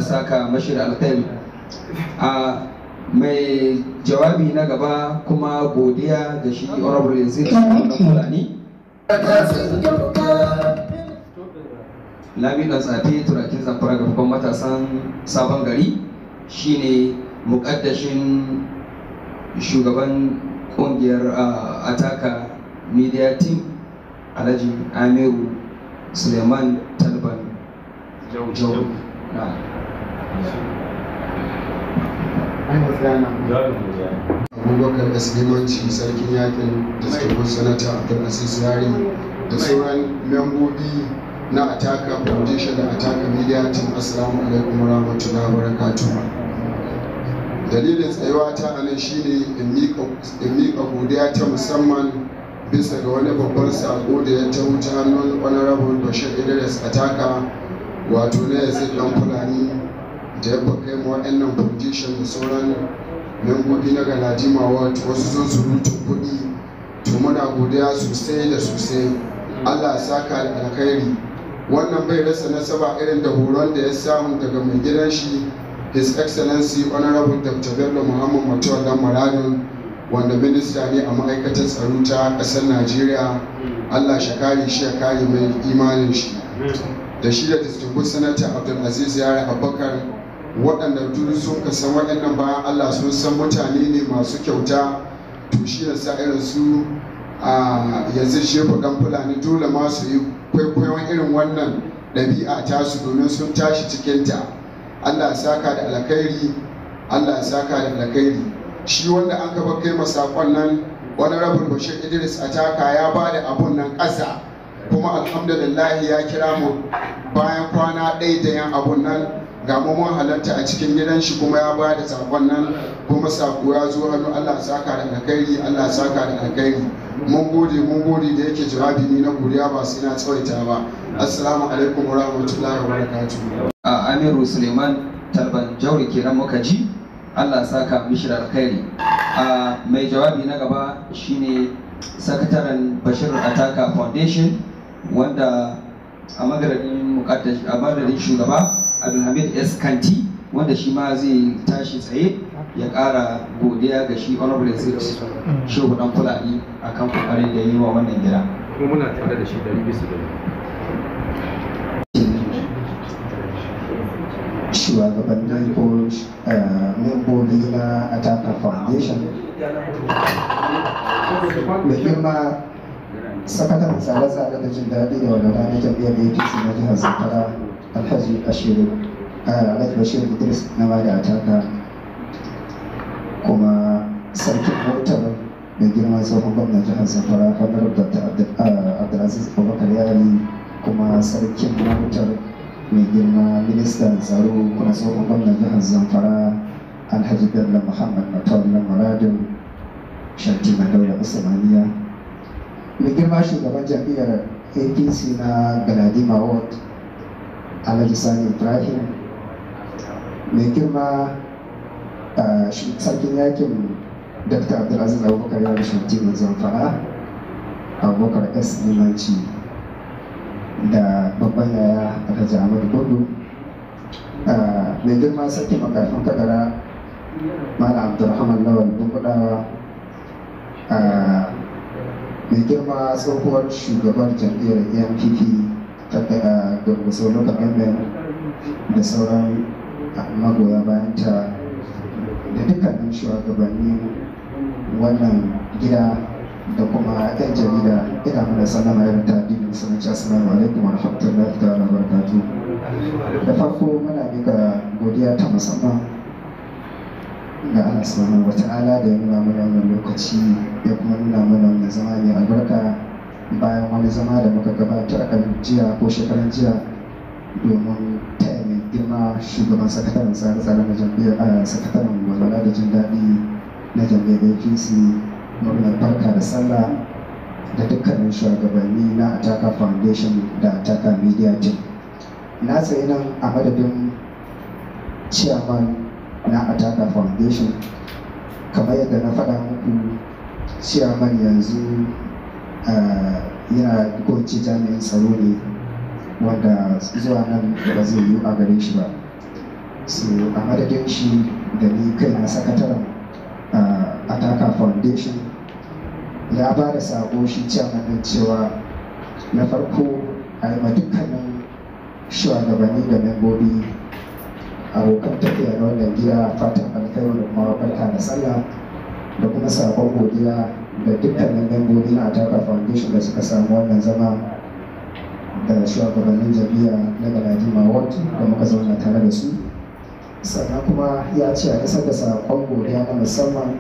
A saka mashi da alkhairi a mai jawabi na gaba kuma godiya da shi honorable yanzu fulani lami da tsafi turakin zamfara ga babban matasan sabon gari shine mukaddashin shugaban kungiyar ataka media team alhaji amiru suleiman talban jau abubakar aslimanci sarkin yakin da tsohon sanata abdulaziz da sauran membobi na ataka foundation da ataka media team assalamu alaikum warahmatullahi wabarakatuh dalilin tsayuwa ta anan shine in miƙa godiya ta musamman bisa ga wani babban sako da ya taho ta hannun honorable bashir idris ataka wato na yazid dan fulani da ya kai ma wa'annan foundation da sauran membobi na galadima wato wasu sun rutu kuɗi to muna godiya sosai da sosai allah sa ka alkhairi wannan bai rasa nasaba irin da horon da ya samu daga mai gidan shi his excellency honorable dr bello muhammad mutuwa dan wanda minista ne a ma'aikatar tsaro ta ƙasar najeriya allah shi kare shi ya kare mai imanin shi da shi da distinguished senator abdulaziz yara abubakar waɗannan duk sun ka san waɗannan ba. Allah sun san mutane ne masu kyauta to shi irin su a yanzu shefu fulani dole ma su yi kwaikwayon irin wannan ɗabi'a ta su domin sun tashi cikinta Allah ya saka da alkhairi Allah ya saka da alkhairi shi wanda an kafa kai masakon nan wani rabin bashir idris taka ya ba da abun nan ƙasa kuma alhamdulillah ya kira mu bayan kwana ɗaya da yan abun nan ga mun halarta a cikin gidan shi kuma ya ba da sakon nan kuma sako ya zo hannu Allah saka da alkhairi Allah saka da alkhairi mun gode mun gode da yake jawabi ni na godiya ba sai na tsawaita ba assalamu alaikum wa rahmatullahi wa barakatuh a Amiru Suleiman Talban Jauri kiran muka ji Allah saka mishi da alkhairi a mai jawabi na gaba shine sakataren Bashir Ataka Foundation wanda a magarin shugaba abdulhamid s kanti wanda shi ma zai tashi tsaye ya kara godiya ga shi honorable zero mm. shehu dan fulani a kan kokarin da ya yi wa wannan gida kuma muna tare da shi dari bisa dari shugabannin ko eh, membobi na ataka foundation da girma sakataren tsare-tsare da jin daɗi da wani ta biyar apc na jihar zamfara alhaji ashiru alhaji bashir idris na wada ataka kuma sarkin motar mai girma tsohon gwamnan jihar zamfara kamar dr abdulaziz abubakar yari kuma sarkin motar mai girma ministan tsaro kuma tsohon gwamnan jihar zamfara alhaji bello muhammad na na muradin shanti madaula usmaniya mai girma shugaban jam'iyyar apc na galadima ward alhaji sani ibrahim mai girma a sarkin yakin dr abdulaziz abubakar ya rashin zan zamfara abubakar s limanci da babban yaya alhaji ahmadu Bodo, mai girma sarkin makafin kadara malam abdulrahman lawal Bukudawa mai girma tsohuwar shugabar jam'iyyar npp daga gurguzo local government da sauran magoya bayan ta da dukkanin shugabannin wannan gida da kuma yan jarida ina mana sallama da ta addinin musulunci assalamu alaikum wa rahmatullahi ta'ala wa barkatu da farko muna mika godiya ta musamman ga Allah subhanahu wa ta'ala da ya nuna mana wannan lokaci ya kuma nuna mana wannan zama mai albarka bayan wani zama da muka gabatar a jiya ko shekaran jiya domin taya mai girma shugaban sakataren tsare-tsare na jam'iyyar a eh, sakataren walwala da jin daɗi na jam'iyyar apc murnar barka da sallah da dukkanin shugabanni na ataka foundation da ataka media team na tsaye nan a madadin chairman na ataka foundation kamar yadda na faɗa muku chairman yanzu Eh, yana kowace jami'in tsaro ne wanda zuwa nan ba zai yiwu a gare shi ba so a madadin shi da ni kai na sakataren eh, ataka foundation ya ba da sako shi cewa cewa na farko a yi dukkanin shugabanni da membobi abokan tafiya na wannan gida fatan alkhairu da kuma barka da sallah da kuma sabon godiya da dukkanin membobi na ataka foundation da suka samu wannan zama da shugabannin jami'a na galadima ward da muka zauna tare da su sannan kuma ya ce a isar da saƙon godiya na musamman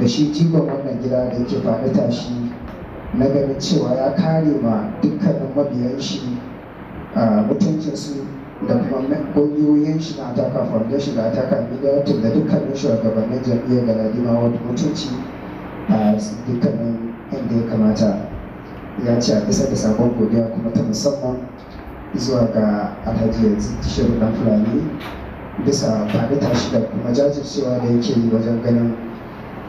da shi jigon wannan gida da yake faɗi tashi na ganin cewa ya kare ma dukkanin mabiyan shi mutuncinsu da kuma ƙungiyoyin shi na ataka foundation da ataka media da dukkanin shugabannin jam'iyyar galadima ward mutunci a dukkanin inda ya kamata ya ce a isar da sakon godiya kuma ta musamman zuwa ga alhaji yanzu dan fulani bisa faɗi tashi da kuma jajircewa da yake yi wajen ganin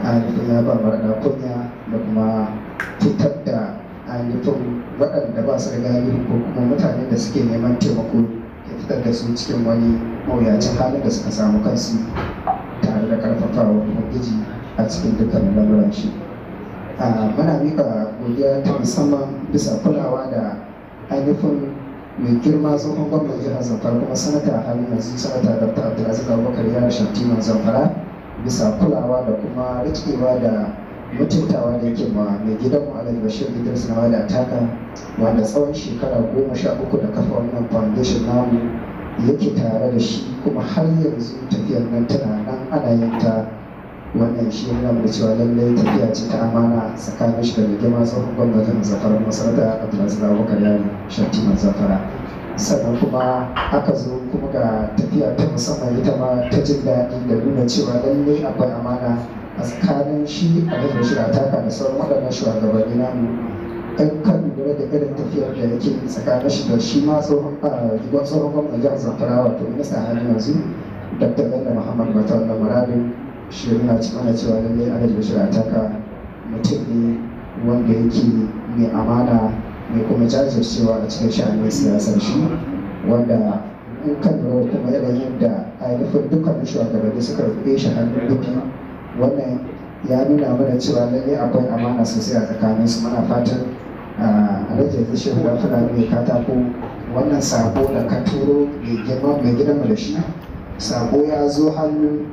ainihin ya ba mara kunya da kuma fitar da ainihin waɗanda ba su da galihu ko kuma mutane da suke neman taimako ya fitar da su cikin wani mawuyacin halin da suka samu kansu tare da wa ubangiji a cikin dukkan lamuran shi muna mika godiya ta musamman bisa kulawa da ainihin mai girma tsohon gwamnan jihar zamfara kuma sanata halin yanzu sanata dr abdulaziz abubakar yana shantiman zamfara bisa kulawa da kuma rikewa da mutuntawa da yake ma mai gidan mu alhaji bashir idris na wada taka wanda tsawon shekara goma sha uku da kafa wannan foundation namu yake tare da shi kuma har yanzu tafiyar nan tana nan ana yin ta wannan shi yana da cewa lallai tafiya ce ta amana tsakanin shi da rigima tsohon gwamnatin zafar masarauta abdulaziz abubakar yari mai zafara sannan kuma aka zo kuma ga tafiya ta musamman ita ma ta jin daɗi da nuna cewa lallai akwai amana a tsakanin shi a da shi taka da sauran waɗannan shugabanni namu in ka lura da irin tafiyar da yake tsakanin shi da shi ma tsohon gwamnatin jihar zamfara wato minista hali yanzu dr bello muhammad Bata da muradin shi yana cikin cewa lallai ana jin shirya taka mutum ne wanda yake mai amana mai kuma jajircewa a cikin sha'anin siyasar shi wanda in kan lura kuma yanayin da ainihin dukkanin shugabanni suka rufe shi hannun dubi wannan ya nuna mana cewa lallai akwai amana sosai a tsakanin su muna fatan a rage shi da fulani mai katako wannan sako da ka turo mai girma mai gidanmu da shi sako ya zo hannu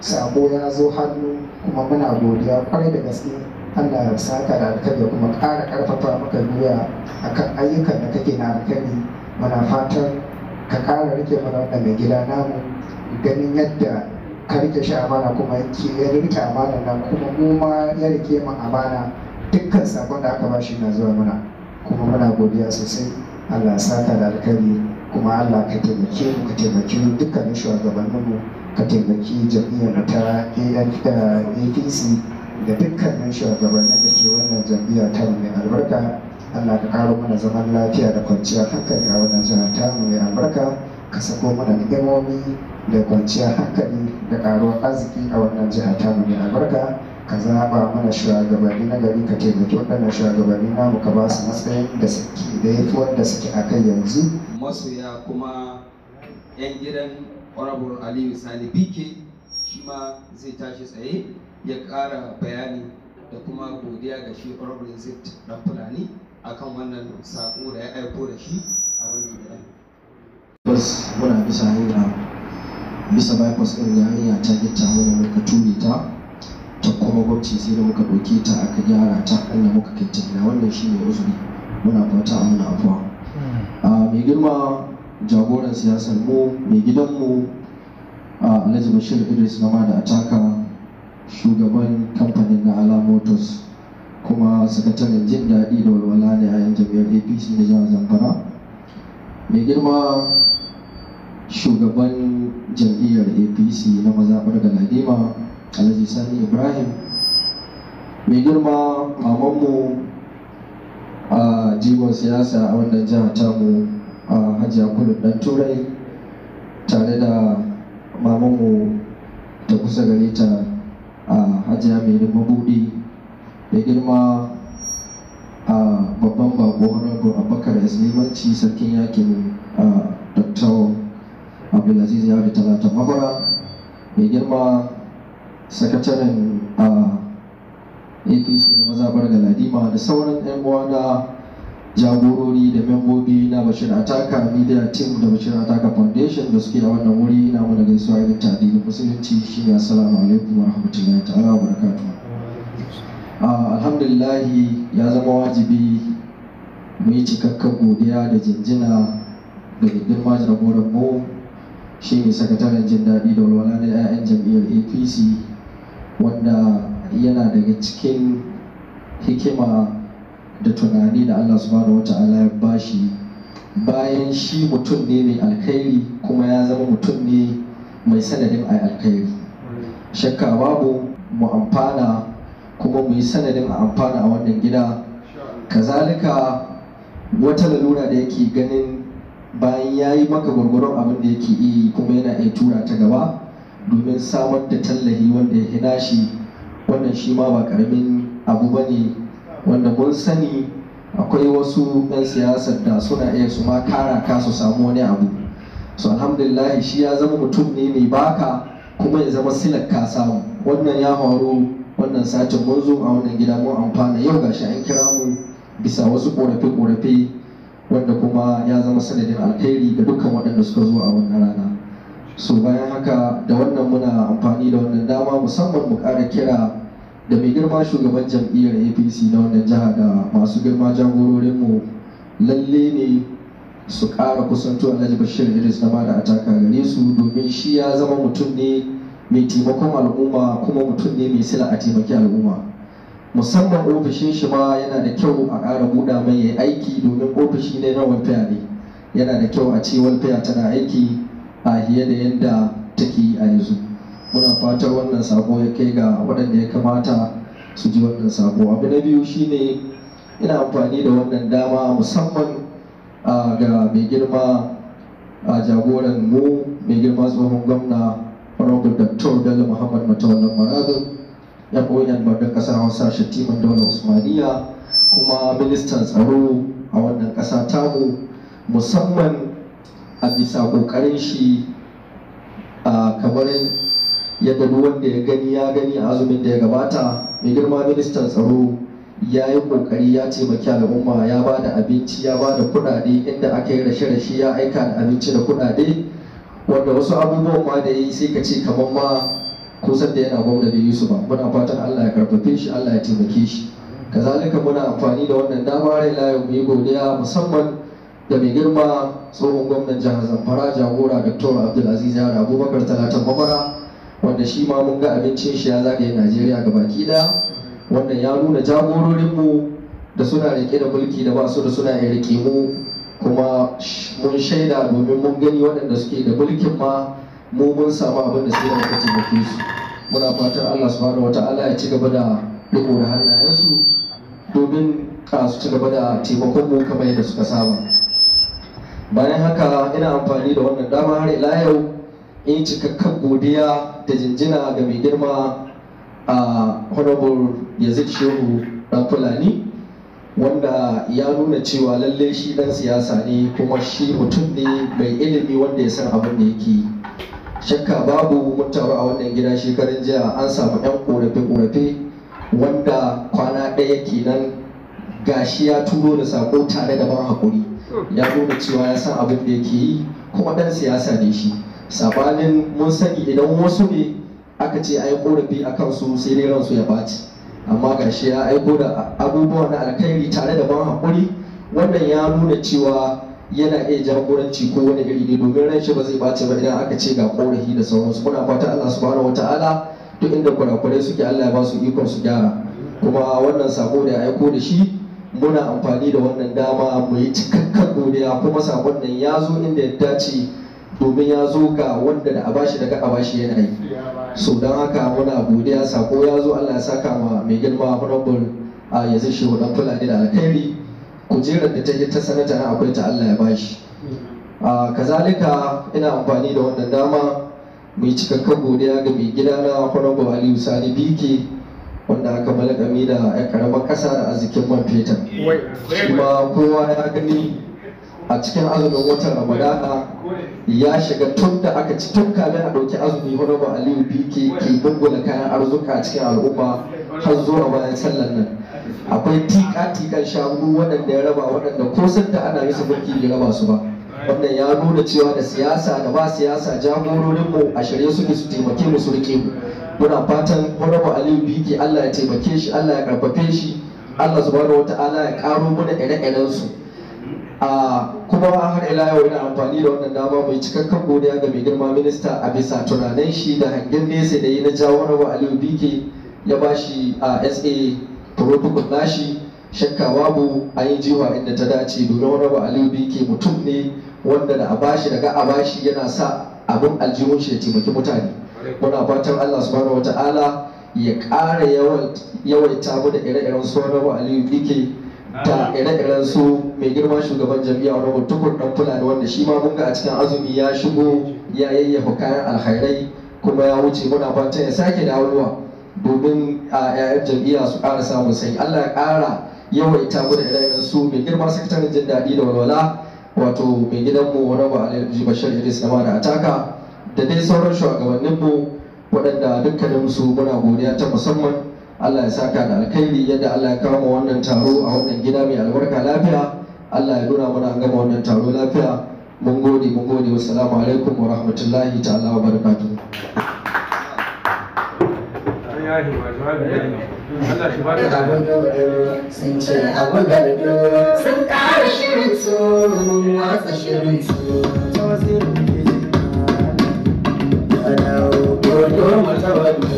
sabo ya zo hannu kuma muna godiya kwarai da gaske Allah ya saka da alkhairi kuma ƙara ƙarfafa maka gwiwa akan ayyukan da kake na alkhairi muna fatan ka ƙara rike mana wannan mai gida namu ganin yadda ka rike shi amana kuma ke ya rike amana nan kuma mu ma ya rike mu amana dukkan sakon da aka ba shi na zuwa muna kuma muna godiya sosai Allah ya saka da alkhairi kuma Allah ka taimake mu ka taimake dukkanin shugabanninmu a taimaki jam'iyyar ta apc da dukkanin shugabannin da ke wannan jam'iyya ta mai albarka allah ka karo mana zaman lafiya da kwanciyar hankali a wannan jiha ta mai albarka ka sako mana ni'imomi da kwanciyar hankali da karuwar arziki a wannan jiha ta mai albarka ka zaɓa mana shugabanni na gari ka taimaki waɗannan shugabanni namu ka ba su matsayin da suke da yafi wanda suke a kai yanzu masoya kuma 'yan gidan honorable aliyu sani bike shi ma zai tashi tsaye ya kara bayani da kuma godiya ga shi honorable zit dan fulani akan wannan sako da ya aiko da shi a wani gidan bas muna bisa hanya bisa bypass ɗin hanya ta gitta mana muka tuni ta ta kuma gwamci sai da muka ɗauke ta aka gyara ta inda muka kai ta shi ne uzuri muna fata a muna afuwa hmm. ah, mai girma jagoran siyasar mu mai gidan mu a alhaji bashir idris gama da ataka shugaban kamfanin na ala motors kuma sakataren jin daɗi da walwala ne a yan jami'ar apc na jihar zamfara mai girma shugaban jam'iyyar apc na mazaɓar galadima alhaji sani ibrahim mai girma mamanmu a jiwon siyasa a wannan jihar tamu a hajiya kudin dan turai tare da mamamu ta kusa gare ta a hajiya mai mabudi da girma a babban bako honorable abubakar islimanci sarkin yakin a dr abdulaziz da talata mabara mai girma sakataren a apc na mazabar galadima da sauran 'yan uwa na jagorori da membobi na bashir ataka media team da bashir ataka foundation da suke a wannan wuri na mu daga isuwa irin tadi da musulunci ne assalamu alaikum wa rahmatullahi ta'ala wa barakatu ah, alhamdulillahi ya zama wajibi mu yi cikakken godiya da jinjina da gindin goron mu shi ne sakataren jin daɗi da walwala na 'ya'yan jam'iyyar apc wanda yana daga cikin hikima da tunani da Allah subhanahu wata'ala ya bashi bayan shi mutum ne mai alkhairi kuma ya zama mutum ne mai sanadin a alkhairi shakka babu mu amfana kuma mu yi sanadin a amfana a wannan gida kazalika wata lalura da yake ganin bayan ya yi maka gwargwaron abin da yake yi kuma yana iya tura ta gaba domin samar da tallahi wanda ya hina shi wannan shi ma ba karamin abu ba ne wanda mun sani akwai wasu 'yan siyasar da suna iya su ma kara ka su samu wani abu so alhamdulillah shi ya zama mutum ne mai baka kuma ya zama silar ka samu wannan ya faru wannan satin mun zo a wannan gida mun amfana yau gashi an kira mu bisa wasu korafe-korafe wanda kuma ya zama sanadin alheri ga dukkan waɗanda suka zo a wannan rana so bayan haka da wannan muna amfani da wannan dama musamman mu ƙara kira da mai girma shugaban jam'iyyar apc na wannan jiha da masu girma jagororinmu lalle ne su ƙara kusanto alhaji bashir idris na bada ataka gare su domin shi ya zama mutum ne mai taimakon al'umma kuma mutum ne mai sila a taimaki al'umma musamman ofishin shi ma yana da kyau a ƙara buɗa mai ya aiki domin ofishi ne na walfiya ne yana da kyau a ce walfiya tana aiki a hiye da yadda take yi a yanzu muna fatar wannan sako ya kai ga waɗanda ya kamata su ji wannan sako abu na biyu shine ina amfani da wannan dama musamman ga mai girma a jagoran mu mai girma tsohon gwamna honorable dr bello muhammad matawallan maradun ya koyan babban kasar hausa shatiman daula usmaniya kuma ministan tsaro a wannan kasa tamu musamman a bisa kokarin shi a kamar yadda duk wanda ya gani ya gani a azumin da ya gabata mai girma ministan tsaro ya yi kokari ya taimaki al'umma ya ba da abinci ya ba da kudade inda aka yi rashe-rashe ya aika da abinci da kudade wanda wasu abubuwan ma da ya yi sai ka ce kamar ma kusan da yana gwamna bai yi ba muna fatan allah ya karfafe shi allah ya taimake shi kazalika muna amfani da wannan dama rai layin mai godiya musamman da mai girma tsohon gwamnan jihar zamfara jagora dr abdulaziz yara abubakar talatin mabara wanda shi ma mun ga abincin shi ya zagaye najeriya ga baki da, wannan ya nuna jagororinmu da suna rike da mulki da ba su da suna yin rike mu kuma mun shaida domin mun gani waɗanda suke da mulkin ma mu mun samu abin da sai da taimake su muna fatan allah subhanahu wa ta'ala ya ci gaba da riko da hannayensu domin ka su ci gaba da taimakon mu kamar yadda suka saba bayan haka ina amfani da wannan dama har ila yau in cikakken godiya da jinjina ga mai girma a honorable yazid shehu dan fulani wanda ya nuna cewa lalle shi dan siyasa ne kuma shi mutum ne mai ilimi wanda ya san abin da yake shakka babu mun taru a wannan gida shekarun jiya an samu yan korafe-korafe wanda kwana ɗaya kenan gashi ya turo da sako tare da ban hakuri ya nuna cewa ya san abin da yake yi kuma dan siyasa ne shi sabanin mun sani idan wasu ne aka ce ai korafi a kansu sai dai ransu ya baci amma gashi ya aiko da abubuwa na alkhairi tare da ban hakuri wannan ya nuna cewa yana iya jagoranci ko wani iri ne domin ran shi ba zai bace ba idan aka ce ga korafi da sauransu muna fata Allah subhanahu wataala duk inda kurakurai suke Allah ya ba su ikon su gyara kuma wannan sako da ya aiko da shi muna amfani da wannan dama mu yi cikakken godiya kuma sakon nan ya zo inda ya dace domin ya zo ga wanda da Abashi daga Abashi yana yi so don haka muna godiya sako ya zo Allah ya saka ma mai girma honorable a ah, yanzu shi wadan fulani da alkhairi kujerar da ta yi ta sanata na akwai ta Allah ya bashi a ah, kazalika ina amfani da wannan dama mai cikakken godiya ga mai gida na honorable Aliyu Sani Biki wanda aka malakami da ya karamar kasa da arzikin man fetur kuma kowa ya gani a cikin azumin watan ramadana ya shiga tun da aka ci tun kamin a ɗauki azumi honorable aliyu biyu ke dungula kayan arzuka a cikin al'umma har zuwa bayan sallan nan akwai tika-tikan shagu waɗanda ya raba waɗanda ko sun da ana yusuf mulki bai raba su ba wannan ya nuna cewa da siyasa da ba siyasa jagororin mu a shirye suke su taimake mu su rike mu muna fatan honorable aliyu bike allah ya taimake shi allah ya karfafe shi allah subhanahu wataala ya karo mana ire-irensu a kuma har ila yau ina amfani da wannan dama mai cikakken godiya ga mai girma minista a bisa tunanin shi da hangen nesa da yi na jawarwa aliyu bike ya ba shi a sa protocol nashi shakka babu a yi jiwa inda ta dace domin warwa aliyu bike mutum ne wanda da a bashi daga a bashi yana sa abin aljihun shi ya taimaki mutane muna fatan allah subhanahu wa ta'ala ya ƙara yawaita mu da ire-iren sauran aliyu bike da ire-iren su mai girma shugaban jami'a Robert Tukur dan Fulani wanda shi ma mun ga a cikin azumi ya shigo ya yayyafa kayan alkhairai kuma ya wuce muna fatan ya sake dawowa domin a yayan jami'a su ƙara samun sanyi Allah ya kara yawaita mu da ire-iren su mai girma sakataren jin daɗi da walwala wato mai gidanmu Honorable Alhaji Bashir Idris na da Ataka da dai sauran shugabanninmu waɗanda dukkaninsu muna godiya ta musamman Allah ya saka da alkhairi yadda Allah ya kama wannan taro a wannan gida mai albarka lafiya Allah ya nuna mana an gama wannan taro lafiya mun gode mun gode wassalamu alaikum wa rahmatullahi ta'ala wa barakatuh sun ce abu gardo sun kara shirin su mun watsa shirin su ta to sai mu dawo ko to mata wani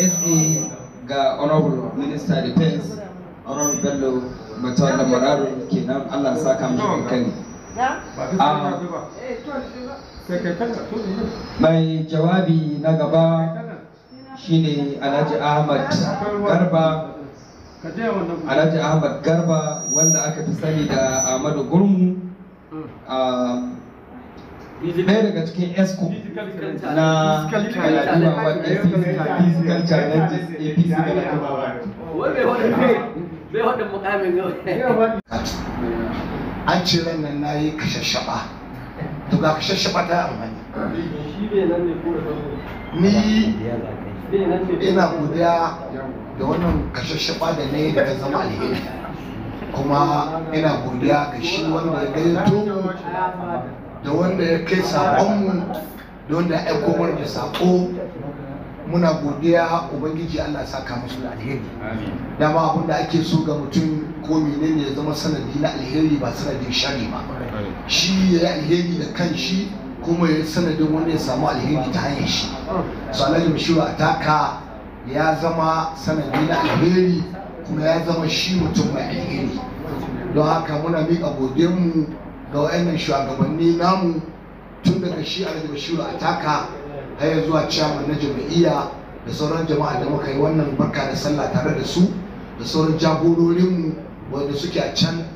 FA e ga honorable minister defense honorable bello Matola Moraru kenan allah saka mu kankani ah, mai jawabi na gaba shine alhaji ahmad garba alhaji ahmad garba wanda aka fi sani da ahmadu gurmu ah, ɗaya daga cikin esco na adubawa physical challenges eh, a physical adubawa an ce ran nan na yi kashashaba to ga kashashaba ta amfani ni ina godiya da wannan kashashaba da na yi daga zama alheri kuma ina godiya ga shi wanda ya gaito da wanda ya kai saƙonmu da wanda ya aiko mana da saƙo muna godiya ubangiji Allah saka musu da alheri dama abin da ake so ga mutum ko menene ya zama sanadi na alheri ba sanadin shari ba shi ya yi alheri da kan shi kuma ya sanadin wanda ya samu alheri ta hanyar shi so alhaji wa taka ya zama sanadi na alheri kuma ya zama shi mutum mai alheri don haka muna miƙa godiyarmu ga wayannan shugabanni namu tun daga shi a alhaji bashiru a taka har zuwa ciyaman na jam'iyya da sauran jama'a da muka yi wannan barka da sallah tare da su da sauran jagororinmu wanda suke a can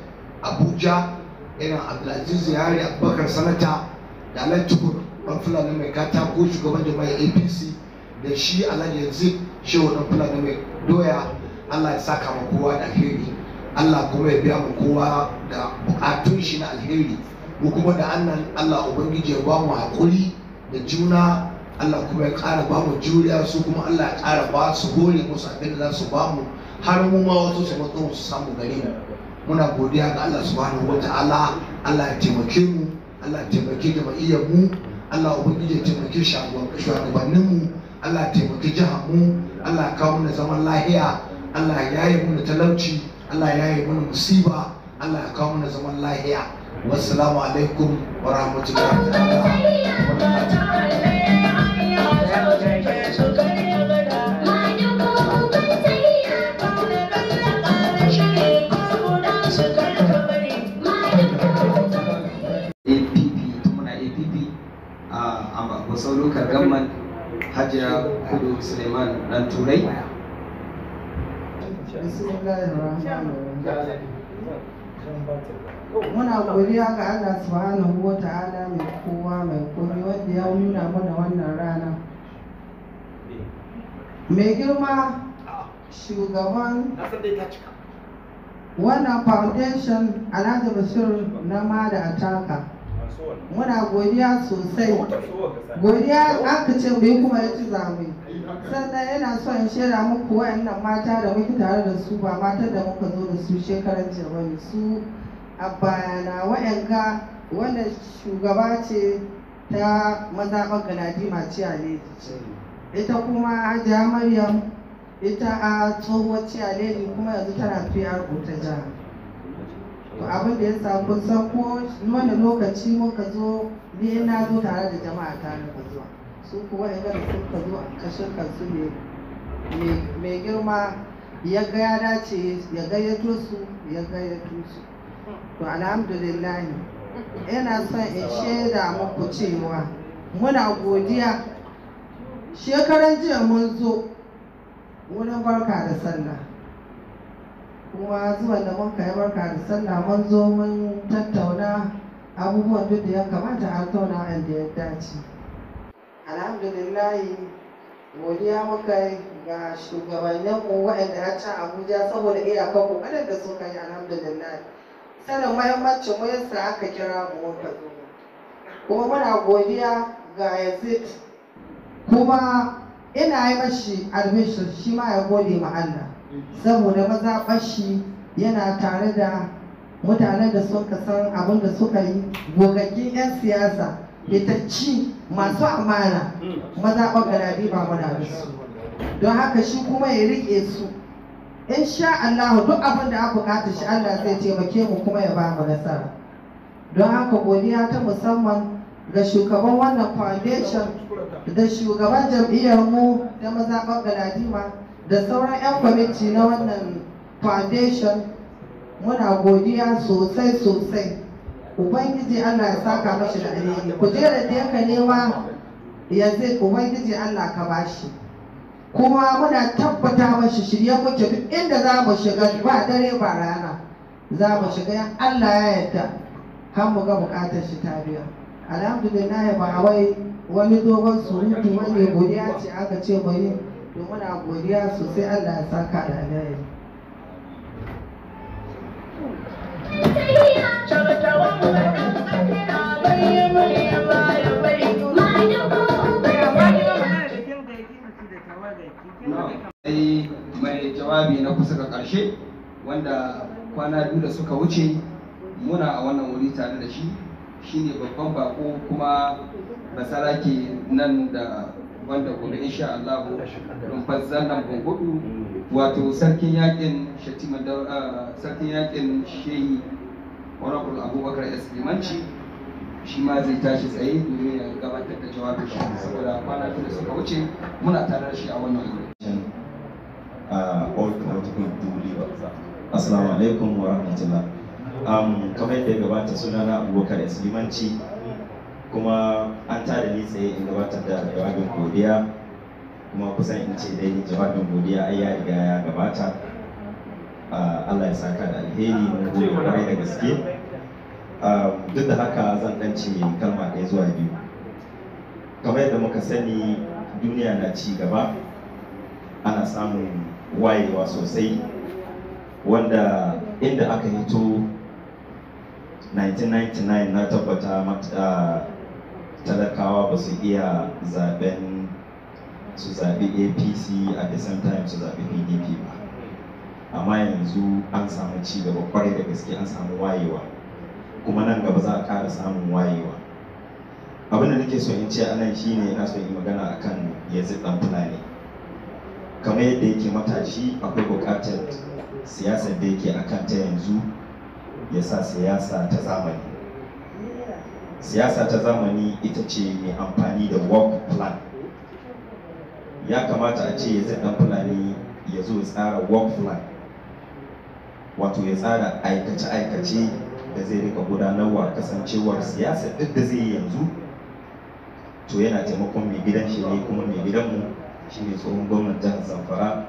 abuja irin abdulaziz yari abubakar sanata da alaitukur ɗan fulani mai katako shugaban jama'a apc da shi alhaji yanzu shehu ɗan fulani mai doya allah ya saka ma kowa da alheri Allah kuma ya biya mu kowa da bukatun shi na alheri mu kuma da annan Allah ubangiji ya ba mu haƙuri da juna Allah kuma ya ƙara ba mu juriya su kuma Allah ya ƙara ba su hore musu abin da za su ba mu har mu ma wasu su matso su samu gare mu muna godiya ga Allah subhanahu wata'ala Allah ya taimake mu Allah ya taimake jama'iyyar mu Allah ubangiji ya taimake shugabannin mu Allah ya taimake jihar mu Allah ya kawo mana zaman lahiya Allah ya yi mu da talauci Allah ya yi mana musiba Allah ya kawo mana zaman lahiya wassalamu alaikum wa rahmatullahi ta'ala wasu lokar gamman hajjira kudu suleiman dan turai Muna godiya ga Allah subhanahu wa ta'ala mai kowa mai komai wanda ya nuna mana wannan rana. Mai girma shugaban wannan foundation Alhaji Bashir na da Ataka. Muna godiya sosai. Godiya aka ce mu kuma ya ci zamani sannan yana so in shera muku waɗannan mata da muke tare da su ba matar da muka zo da su shekaran jiya su a bayana wayanga wanda shugaba ce ta mazaɓar ganadima ciyale mm. ita kuma hajiya maryam ita a tsohuwar ciyale kuma yanzu tana pr ta jiha to abin da ya samu kun san ko wani lokaci muka zo ni na zo tare da jama'a tare da zuwa su kuwa da sun ka zo a kashin kansu mai girma ya ga ya dace ya gayyato su ya gayyato su to alhamdulillah ina son in shaida muku cewa muna godiya shekaran jiya mun zo wurin barka da sallah kuma zuwa da mun kai barka da sallah mun zo mun tattauna abubuwan duk da ya kamata a tauna a da ya dace alhamdulillahi godiya muka ga mu waɗanda ya can abuja saboda iyakar kokarin da suka yi alhamdulillahi. sanin mahimmancin mu yasa aka kira mu wata kuma muna godiya ga yazid kuma ina yi mashi albishir shi ma ya gode ma Allah saboda mazaɓar shi yana tare da mutanen da suka san abin da suka yi gogaggin 'yan siyasa fitacci masu amana hmm. mazaɓar garabi ba muna su don haka shi kuma ya riƙe su in sha Allah duk abin da aka bukata shi Allah zai taimake mu kuma ya ba mu nasara don haka godiya ta musamman ga shugaban wannan foundation da shugaban jam'iyyar mu da mazaɓar galadima da sauran 'yan kwamiti na wannan foundation muna godiya sosai sosai ubangiji Allah ya saka mashi da alheri kujerar da yaka nema yanzu ubangiji Allah ka bashi kuma muna tabbata mashi shirye muke duk inda za mu shiga ba dare ba rana za mu shiga yan Allah ya yarda har mu ga bukatar shi ta biya alhamdulillah ba wai wani dogon surutu wani godiya ce aka ce bari to muna godiya sosai Allah ya saka da alheri sai mai jawabi na kusa ga ƙarshe wanda kwana biyu da suka wuce muna a wannan wuri tare da shi shine babban bako kuma basarake nan da wanda gobe insha Allah rumfar zannan gungudu wato sarkin yakin shatima ah, sarkin yakin shehi warakul abubakar s limanci shi ma zai tashi tsaye domin ya gabatar da jawabin shi saboda kwana da suka wuce muna tare shi a wannan lokacin ah, all political ba assalamu alaikum wa rahmatullah um, kamar yadda ya gabata suna na abubakar s limanci kuma an tare ni tsaye in gabatar da jawabin godiya kuma kusan in ce dai jawabin godiya ai ya riga ya gabata ah, Allah ya saka da alheri mun gode kwarai da gaske ah, duk da haka zan dan ce kalma ɗaya zuwa biyu kamar yadda muka sani duniya na ci gaba ana samun wayewa sosai wanda inda aka hito 1999 na tabbata ah, talakawa ba su iya zaben su zaɓi apc at the same time su zaɓi pdp ba amma yanzu an samu ci gaba kwarai da gaske an samu wayewa kuma nan gaba za a ƙara samun wayewa abin da nake so in ce anan shine na so in magana akan yanzu dan fulani kamar yadda yake matashi akwai buƙatar siyasar da yake akan ta yanzu ya sa siyasa ta zamani siyasa ta zamani ita ce mai amfani da work plan ya kamata a ce zai dan fulani ya zo tsara work plan wato ya tsara aikace-aikace da zai rika gudanarwa kasancewar siyasa duk da zai yi yanzu to yana taimakon mai gidan shi ne kuma mai gidanmu shi ne tsohon gwamnan jihar zamfara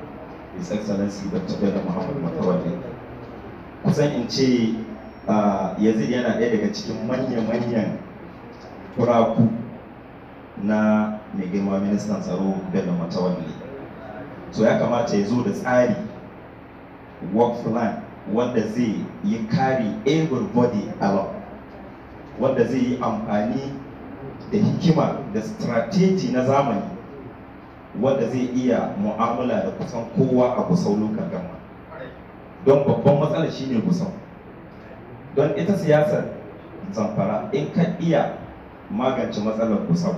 his excellency dr bello muhammad matawalle kusan in ce yazid yana ɗaya daga cikin manya-manyan kuraku na mai girma ministan tsaro bello matawalli so ya kamata ya zo da tsari work plan wanda zai yi kari everybody along wanda zai yi amfani da hikima da strategy na zamani wanda zai iya mu'amala da kusan kowa a kusan lokacin gama don babban matsalar shine kusan don ita siyasar zamfara in ka iya magance matsalar kusan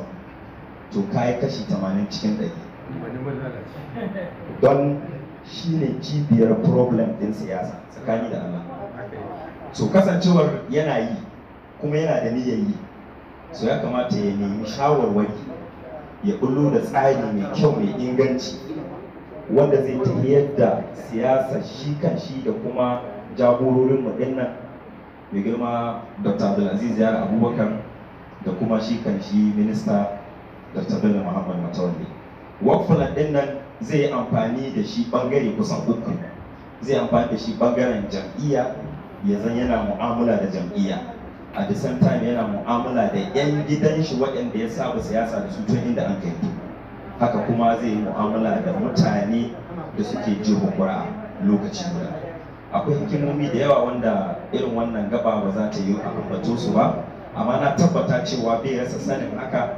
to kayi kashi 80 cikin ɗari don shi ne cibiyar problem ɗin siyasa tsakani da Allah so kasancewar yana yi kuma yana da niyyar yi so ya kamata ya nemi shawarwari ya bullo da tsari mai kyau mai inganci wanda zai tafiyar yadda siyasa shi kan shi da kuma jagororin maɗinnan mai girma dr abdulaziz yara abubakar da kuma shi kan shi minista Dr. Bello Muhammad Matawalli work din nan zai amfani da shi bangare kusan uku zai amfani da shi bangaren jam'iyya ya zan yana mu'amala da jam'iyya a the time yana mu'amala da 'yan gidan shi waɗanda ya saba siyasa da su tun inda an kai haka kuma zai yi mu'amala da mutane da suke jihun a lokaci guda akwai hikimomi da yawa wanda irin wannan gaba ba za ta yi a ambato su ba amma na tabbata cewa bai rasa sanin haka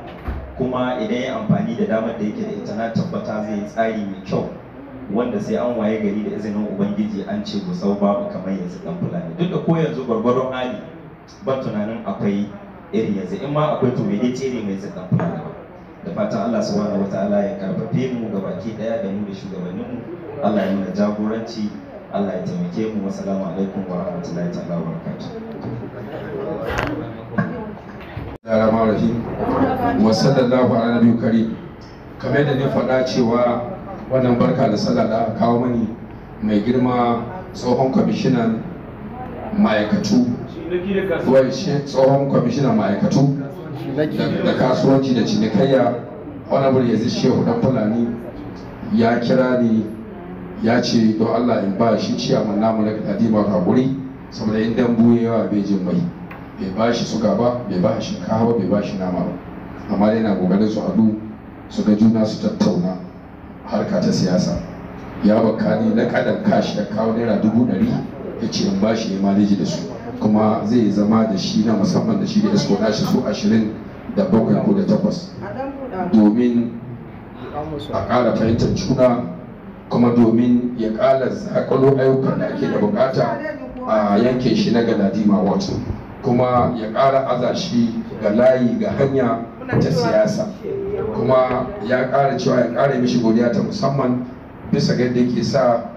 kuma idan ya amfani da damar da yake da ita na tabbata zai yi tsari mai kyau wanda sai an waye gari da izinin ubangiji an ce sau babu kamar yanzu dan fulani duk da ko yanzu gwargwaron hali ban tunanin akwai irin yanzu in ma akwai to mai ce ne mai zakan fulani da fatan Allah subhanahu wataala ya karfafe mu ga baki daya da mu da shugabannin mu Allah ya nuna jagoranci Allah ya taimake mu wassalamu alaikum wa rahmatullahi ta'ala wa barakatuh ya rama rahim wa sallallahu ala nabiyyu karim kamar da ne faɗa cewa wannan barka da sallah da aka kawo mani mai girma tsohon kwamishinan ma'aikatu tsohon kwamishinan ma'aikatu da kasuwanci da cinikayya honorable yanzu shehu dan fulani ya kira ni ya ce don allah in ba shi ciyaman namu na kadima ka guri saboda in dambu yawa bai jin mai bai ba shi suga ba bai ba shi shinkafa bai ba shi nama ba amma yana kokarin su haɗu su ga juna su tattauna harka ta siyasa ya baka bakani na kadan kashi da kawo naira dubu ɗari ya ce in ba shi ya maliji da su kuma zai zama da shi na musamman da shi da isko nashi su ashirin da bakwai ko da takwas domin a ƙara fahimtar juna kuma domin ya ƙara zakalo ayyukan da ake da bukata a yanke shi na galadima wato kuma ya ƙara aza shi ga layi ga hanya ta siyasa kuma ya ƙara cewa ya ƙara mishi godiya ta musamman bisa ga yadda ke sa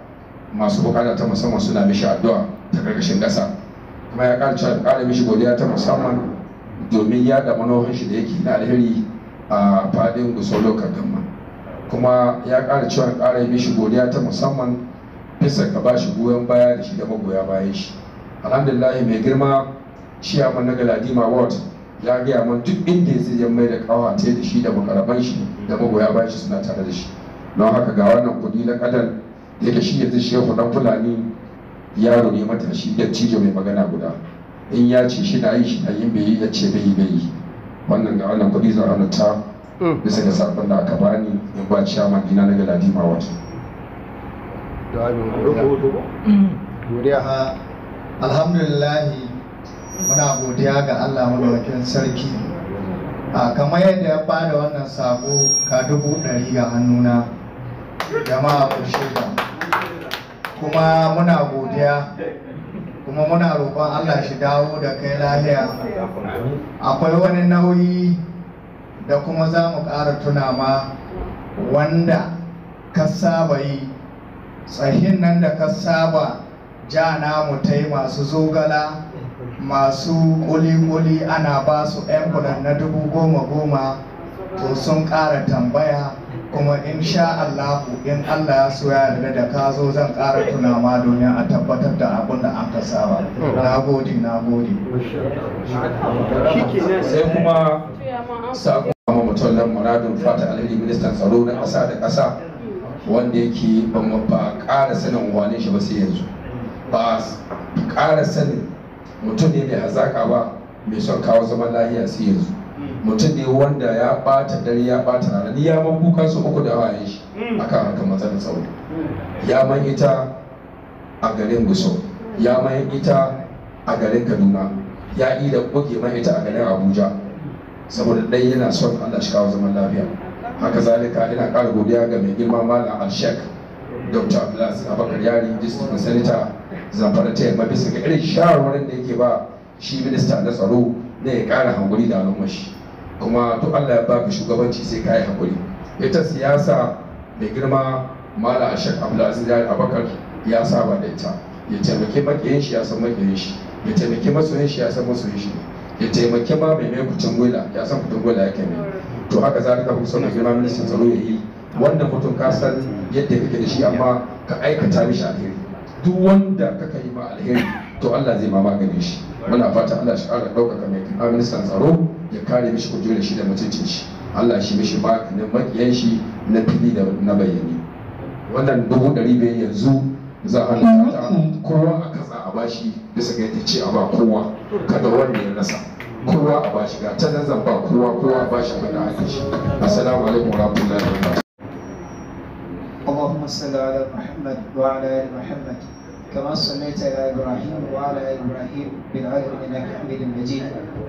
masu bukata ta musamman suna mishi addu'a ta ƙarƙashin ƙasa kuma ya ƙara cewa ya ƙara mishi godiya ta musamman domin ya da manohin shi da yake na alheri a fadin gusau lokacin gamma kuma ya ƙara cewa ya ƙara mishi godiya ta musamman bisa ka bashi goyon baya da shi da magoya bayan shi alhamdulillah mai girma ciyaman na galadima ward ya gaya man duk inda ya mai da kawa ta da shi da makaraban shi da magoya bayan shi suna tare da shi don haka ga wannan kudi na kadan yake shi yanzu shehu dan fulani yaro ne matashi da cijo mai magana guda in ya ce shi na yi shi da yin bai yi ya ce bai yi bai wannan ga wannan kudi zan hana ta hmm. bisa ga sabon da aka bani in ba ciyaman dina na galadima ward. Hmm. Alhamdulillahi muna godiya ga Allah madaukakin sarki a kamar yadda ya bada wannan sako ka dubu ɗari ga hannuna jama'a ku shaida kuma muna godiya kuma muna roƙon Allah shi dawo da kai lahiya akwai wani nauyi da kuma za mu ƙara tuna ma wanda ka saba yi tsahin nan da ka saba ja namu ta yi masu zogala masu koli-koli ana ba su envelope na dubu goma goma to sun ƙara tambaya kuma insha Allah in Allah ya so ya yarda da ka zo zan kara tunama domin a tabbatar da abin da an kasawa na gode na gode sai kuma sakon mutum nan muradun fata alhari ministan tsaro na kasa da kasa wanda yake ba ƙara sanin wane shi ba sai yanzu ba ƙara sanin mutum ne mai hazaka ba mai son kawo zaman lahiya sai yanzu hmm. mutum ne wanda ya bata dare ya bata rana ni ya man kuka su uku da waye shi hmm. akan haka matsalar tsaro hmm. ya man ita a garin guso ya man ita a garin kaduna ya yi da buge man ita a garin abuja saboda ɗaya yana son allah shi kawo zaman lafiya haka zalika ina ƙara godiya ga mai girma malam alshek dr abdulaziz abakar yari district senator zamfara ta yamma bisa ga irin shawarwarin da yake ba shi minista na tsaro na ya ƙara hankuri da al'ummar shi kuma to Allah ya baka shugabanci sai ka yi hankuri ita siyasa mai girma mala ashek abdulaziz yari abakar ya saba da ita ya taimake makiyin shi ya san makiyin shi ya taimake masoyin shi ya san masoyin shi ya taimake ma mai mai kucin gwila ya san kucin gwila yake mai to haka za ka kafa sanar girma ministan tsaro ya yi wannan mutum ka san yadda kake da shi amma ka aikata mishi alheri duk wanda kaka yi ma alheri to Allah zai ma maganin shi muna fata Allah shi ƙara ɗaukaka mai kan ministan tsaro ya kare mishi jure shi da mutuncin shi Allah shi mishi maganin makiyan shi na fili da na bayani wannan dubu ɗari biyar yanzu za a ta kowa a kasa a bashi bisa ga yadda ce a ba kowa kada wanda ya rasa kowa a bashi ga ta nan zan ba kowa kowa a bashi mai na ake shi assalamu alaikum warahmatullahi wabarakatuh اللهم صل على محمد وعلى ال محمد كما صليت على ابراهيم وعلى ال ابراهيم بالعالمين انك حميد مجيد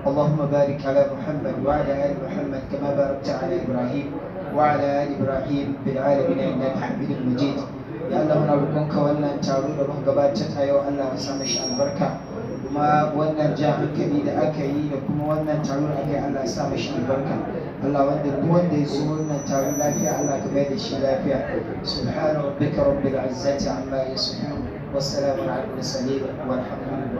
اللهم بارك على محمد وعلى ال محمد كما باركت على ابراهيم وعلى ال ابراهيم بالعالمين انك حميد مجيد ya Allah muna roƙonka wannan taro da muka gabatar a yau kuma wannan jan hankali da aka yi da kuma wannan taron da aka yi Allah ya sa mashi albarka Allah wanda duk wanda ya zo wannan taron lafiya Allah ka bai da shi lafiya subhana rabbika rabbil izzati amma yasifun wassalamu ala al mursalin walhamdulillah